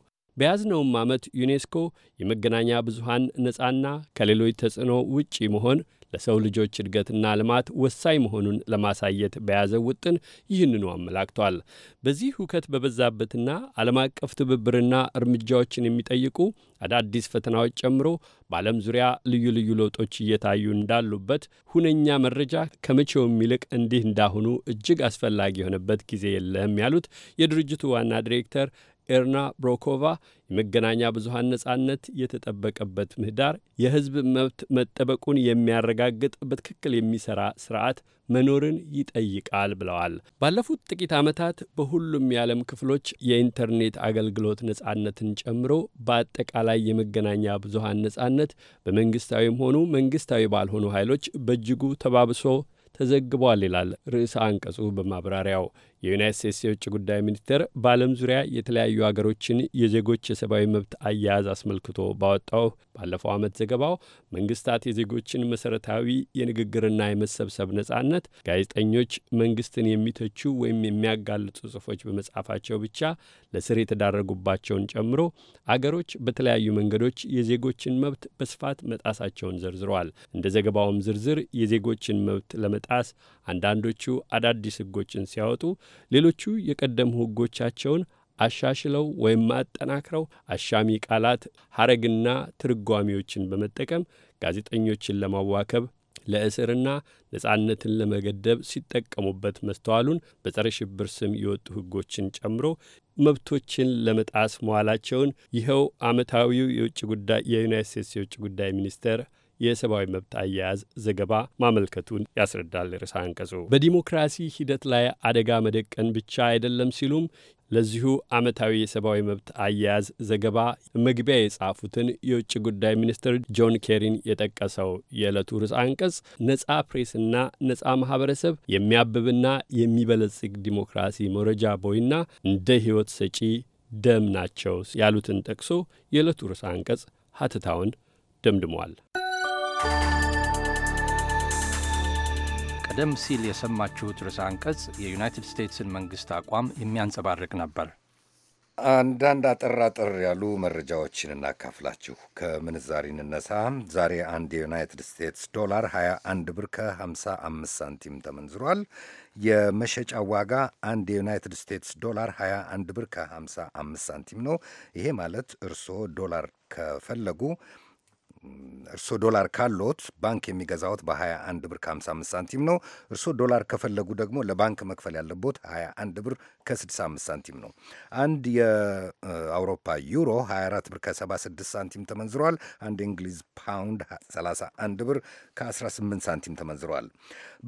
በያዝነውም ዓመት ዩኔስኮ የመገናኛ ብዙሃን ነጻና ከሌሎች ተጽዕኖ ውጪ መሆን ለሰው ልጆች እድገትና ልማት ወሳኝ መሆኑን ለማሳየት በያዘው ውጥን ይህንኑ አመላክቷል። በዚህ ሁከት በበዛበትና ዓለም አቀፍ ትብብርና እርምጃዎችን የሚጠይቁ አዳዲስ ፈተናዎች ጨምሮ በዓለም ዙሪያ ልዩ ልዩ ለውጦች እየታዩ እንዳሉበት ሁነኛ መረጃ ከመቼውም ይልቅ እንዲህ እንዳሁኑ እጅግ አስፈላጊ የሆነበት ጊዜ የለም ያሉት የድርጅቱ ዋና ዲሬክተር ኤርና ብሮኮቫ የመገናኛ ብዙሃን ነጻነት የተጠበቀበት ምህዳር የህዝብ መብት መጠበቁን የሚያረጋግጥ በትክክል የሚሠራ ስርዓት መኖርን ይጠይቃል ብለዋል። ባለፉት ጥቂት ዓመታት በሁሉም የዓለም ክፍሎች የኢንተርኔት አገልግሎት ነጻነትን ጨምሮ በአጠቃላይ የመገናኛ ብዙሃን ነጻነት በመንግሥታዊም ሆኑ መንግሥታዊ ባልሆኑ ኃይሎች በእጅጉ ተባብሶ ተዘግቧል ይላል ርዕሰ አንቀጹ በማብራሪያው የዩናይት ስቴትስ የውጭ ጉዳይ ሚኒስቴር በዓለም ዙሪያ የተለያዩ አገሮችን የዜጎች የሰብአዊ መብት አያያዝ አስመልክቶ ባወጣው ባለፈው ዓመት ዘገባው መንግስታት የዜጎችን መሠረታዊ የንግግርና የመሰብሰብ ነጻነት ጋዜጠኞች መንግስትን የሚተቹ ወይም የሚያጋልጡ ጽሑፎች በመጻፋቸው ብቻ ለስር የተዳረጉባቸውን ጨምሮ አገሮች በተለያዩ መንገዶች የዜጎችን መብት በስፋት መጣሳቸውን ዘርዝረዋል። እንደ ዘገባውም ዝርዝር የዜጎችን መብት ለመጣስ አንዳንዶቹ አዳዲስ ሕጎችን ሲያወጡ፣ ሌሎቹ የቀደሙ ሕጎቻቸውን አሻሽለው ወይም አጠናክረው አሻሚ ቃላት ሐረግና ትርጓሚዎችን በመጠቀም ጋዜጠኞችን ለማዋከብ ለእስርና ነጻነትን ለመገደብ ሲጠቀሙበት መስተዋሉን በጸረ ሽብር ስም የወጡ ሕጎችን ጨምሮ መብቶችን ለመጣስ መዋላቸውን ይኸው ዓመታዊው የውጭ ጉዳይ የዩናይት ስቴትስ የውጭ ጉዳይ ሚኒስቴር የሰብአዊ መብት አያያዝ ዘገባ ማመልከቱን ያስረዳል። ርዕሰ አንቀጹ በዲሞክራሲ ሂደት ላይ አደጋ መደቀን ብቻ አይደለም ሲሉም ለዚሁ ዓመታዊ የሰብአዊ መብት አያያዝ ዘገባ መግቢያ የጻፉትን የውጭ ጉዳይ ሚኒስትር ጆን ኬሪን የጠቀሰው የዕለቱ ርዕሰ አንቀጽ ነጻ ፕሬስና ነጻ ማህበረሰብ የሚያብብና የሚበለጽግ ዲሞክራሲ መረጃ ቦይና እንደ ሕይወት ሰጪ ደም ናቸው ያሉትን ጠቅሶ የዕለቱ ርዕሰ አንቀጽ ሀተታውን ደምድሟል። ቀደም ሲል የሰማችሁት ርዕሰ አንቀጽ የዩናይትድ ስቴትስን መንግሥት አቋም የሚያንጸባርቅ ነበር። አንዳንድ አጠር አጠር ያሉ መረጃዎችን እናካፍላችሁ። ከምንዛሪ እንነሳ። ዛሬ አንድ የዩናይትድ ስቴትስ ዶላር 21 ብር ከ55 ሳንቲም ተመንዝሯል። የመሸጫ ዋጋ አንድ የዩናይትድ ስቴትስ ዶላር 21 ብር ከ55 ሳንቲም ነው። ይሄ ማለት እርስዎ ዶላር ከፈለጉ እርስዎ ዶላር ካሎት ባንክ የሚገዛውት በ21 ብር ከ55 ሳንቲም ነው። እርስዎ ዶላር ከፈለጉ ደግሞ ለባንክ መክፈል ያለቦት 21 ብር ከ65 ሳንቲም ነው። አንድ የአውሮፓ ዩሮ 24 ብር ከ76 ሳንቲም ተመንዝሯል። አንድ የእንግሊዝ ፓውንድ 31 ብር ከ18 ሳንቲም ተመንዝሯል።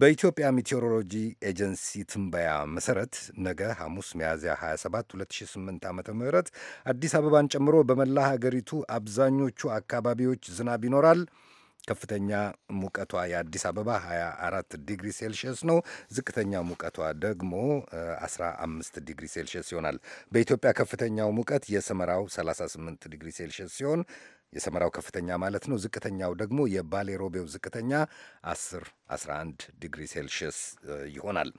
በኢትዮጵያ ሜቴዎሮሎጂ ኤጀንሲ ትንበያ መሰረት ነገ ሐሙስ ሚያዝያ 27 2008 ዓ ም አዲስ አበባን ጨምሮ በመላ ሀገሪቱ አብዛኞቹ አካባቢዎች ዝናብ ይኖራል። ከፍተኛ ሙቀቷ የአዲስ አበባ 24 ዲግሪ ሴልሽየስ ነው። ዝቅተኛ ሙቀቷ ደግሞ 15 ዲግሪ ሴልሽየስ ይሆናል። በኢትዮጵያ ከፍተኛው ሙቀት የሰመራው 38 ዲግሪ ሴልሽየስ ሲሆን የሰመራው ከፍተኛ ማለት ነው። ዝቅተኛው ደግሞ የባሌ ሮቤው ዝቅተኛ 10 11 ዲግሪ ሴልሽየስ ይሆናል።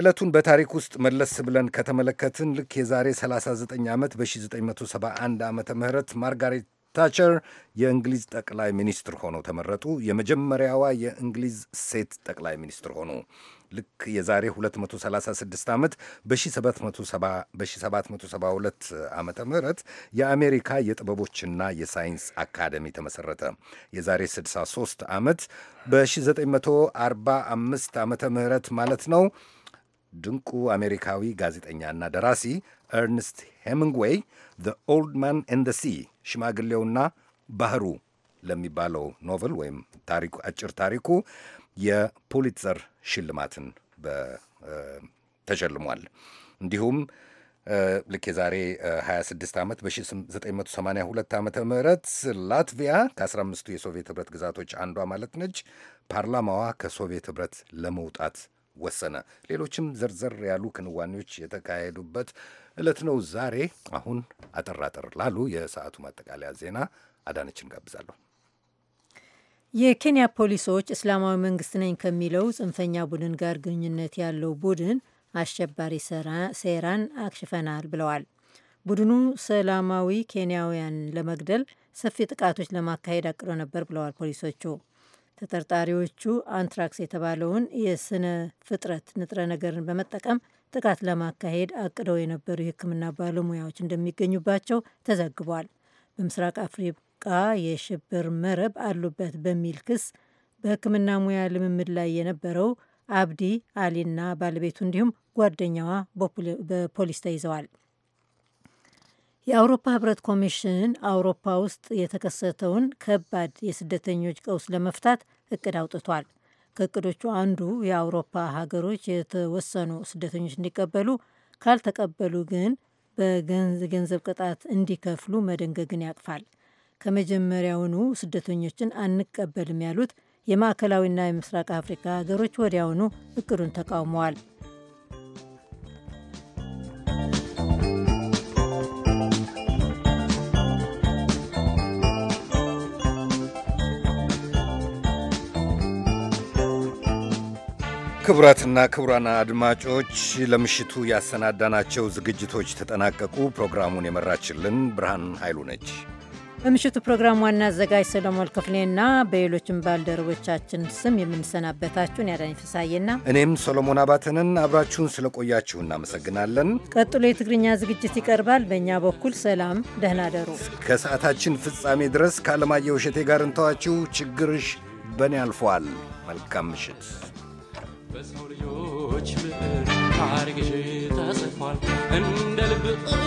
ዕለቱን በታሪክ ውስጥ መለስ ብለን ከተመለከትን ልክ የዛሬ 39 ዓመት በ1971 ዓመተ ምህረት ማርጋሬት ታቸር የእንግሊዝ ጠቅላይ ሚኒስትር ሆነው ተመረጡ። የመጀመሪያዋ የእንግሊዝ ሴት ጠቅላይ ሚኒስትር ሆኑ። ልክ የዛሬ 236 ዓመት በ1772 ዓመተ ምህረት የአሜሪካ የጥበቦችና የሳይንስ አካደሚ ተመሰረተ። የዛሬ 63 ዓመት በ1945 ዓመተ ምህረት ማለት ነው ድንቁ አሜሪካዊ ጋዜጠኛና ደራሲ ኤርንስት ሄምንግዌይ ዘ ኦልድ ማን ኤንድ ሲ ሽማግሌውና ባህሩ ለሚባለው ኖቨል ወይም ታሪኩ አጭር ታሪኩ የፑሊትዘር ሽልማትን ተሸልሟል። እንዲሁም ልክ የዛሬ 26 ዓመት በ1982 ዓመተ ምህረት ላትቪያ ከ15ቱ የሶቪየት ህብረት ግዛቶች አንዷ ማለት ነች ፓርላማዋ ከሶቪየት ህብረት ለመውጣት ወሰነ። ሌሎችም ዘርዘር ያሉ ክንዋኔዎች የተካሄዱበት ዕለት ነው ዛሬ። አሁን አጠራጠር ላሉ የሰዓቱ ማጠቃለያ ዜና አዳነችን ጋብዛለሁ። የኬንያ ፖሊሶች እስላማዊ መንግስት ነኝ ከሚለው ጽንፈኛ ቡድን ጋር ግንኙነት ያለው ቡድን አሸባሪ ሴራን አክሽፈናል ብለዋል። ቡድኑ ሰላማዊ ኬንያውያን ለመግደል ሰፊ ጥቃቶች ለማካሄድ አቅዶ ነበር ብለዋል ፖሊሶቹ። ተጠርጣሪዎቹ አንትራክስ የተባለውን የስነ ፍጥረት ንጥረ ነገርን በመጠቀም ጥቃት ለማካሄድ አቅደው የነበሩ የሕክምና ባለሙያዎች እንደሚገኙባቸው ተዘግቧል። በምስራቅ አፍሪቃ የሽብር መረብ አሉበት በሚል ክስ በሕክምና ሙያ ልምምድ ላይ የነበረው አብዲ አሊና ባለቤቱ እንዲሁም ጓደኛዋ በፖሊስ ተይዘዋል። የአውሮፓ ህብረት ኮሚሽን አውሮፓ ውስጥ የተከሰተውን ከባድ የስደተኞች ቀውስ ለመፍታት እቅድ አውጥቷል። ከእቅዶቹ አንዱ የአውሮፓ ሀገሮች የተወሰኑ ስደተኞች እንዲቀበሉ፣ ካልተቀበሉ ግን በገንዘብ ቅጣት እንዲከፍሉ መደንገግን ያቅፋል። ከመጀመሪያውኑ ስደተኞችን አንቀበልም ያሉት የማዕከላዊና የምስራቅ አፍሪካ ሀገሮች ወዲያውኑ እቅዱን ተቃውመዋል። ክቡራትና ክቡራን አድማጮች ለምሽቱ ያሰናዳናቸው ዝግጅቶች ተጠናቀቁ። ፕሮግራሙን የመራችልን ብርሃን ኃይሉ ነች። በምሽቱ ፕሮግራም ዋና አዘጋጅ ሰለሞን ክፍሌና በሌሎችም ባልደረቦቻችን ስም የምንሰናበታችሁን ያዳኝ ፍሳዬና እኔም ሰሎሞን አባተንን አብራችሁን ስለቆያችሁ እናመሰግናለን። ቀጥሎ የትግርኛ ዝግጅት ይቀርባል። በእኛ በኩል ሰላም፣ ደህና ደሩ። ከሰዓታችን ፍጻሜ ድረስ ከአለማየሁ እሸቴ ጋር እንተዋችሁ። ችግርሽ በእኔ አልፈዋል። መልካም ምሽት። በሰው ልጆች ፍቅር ታሪክሽ ተጽፏል እንደ ልብ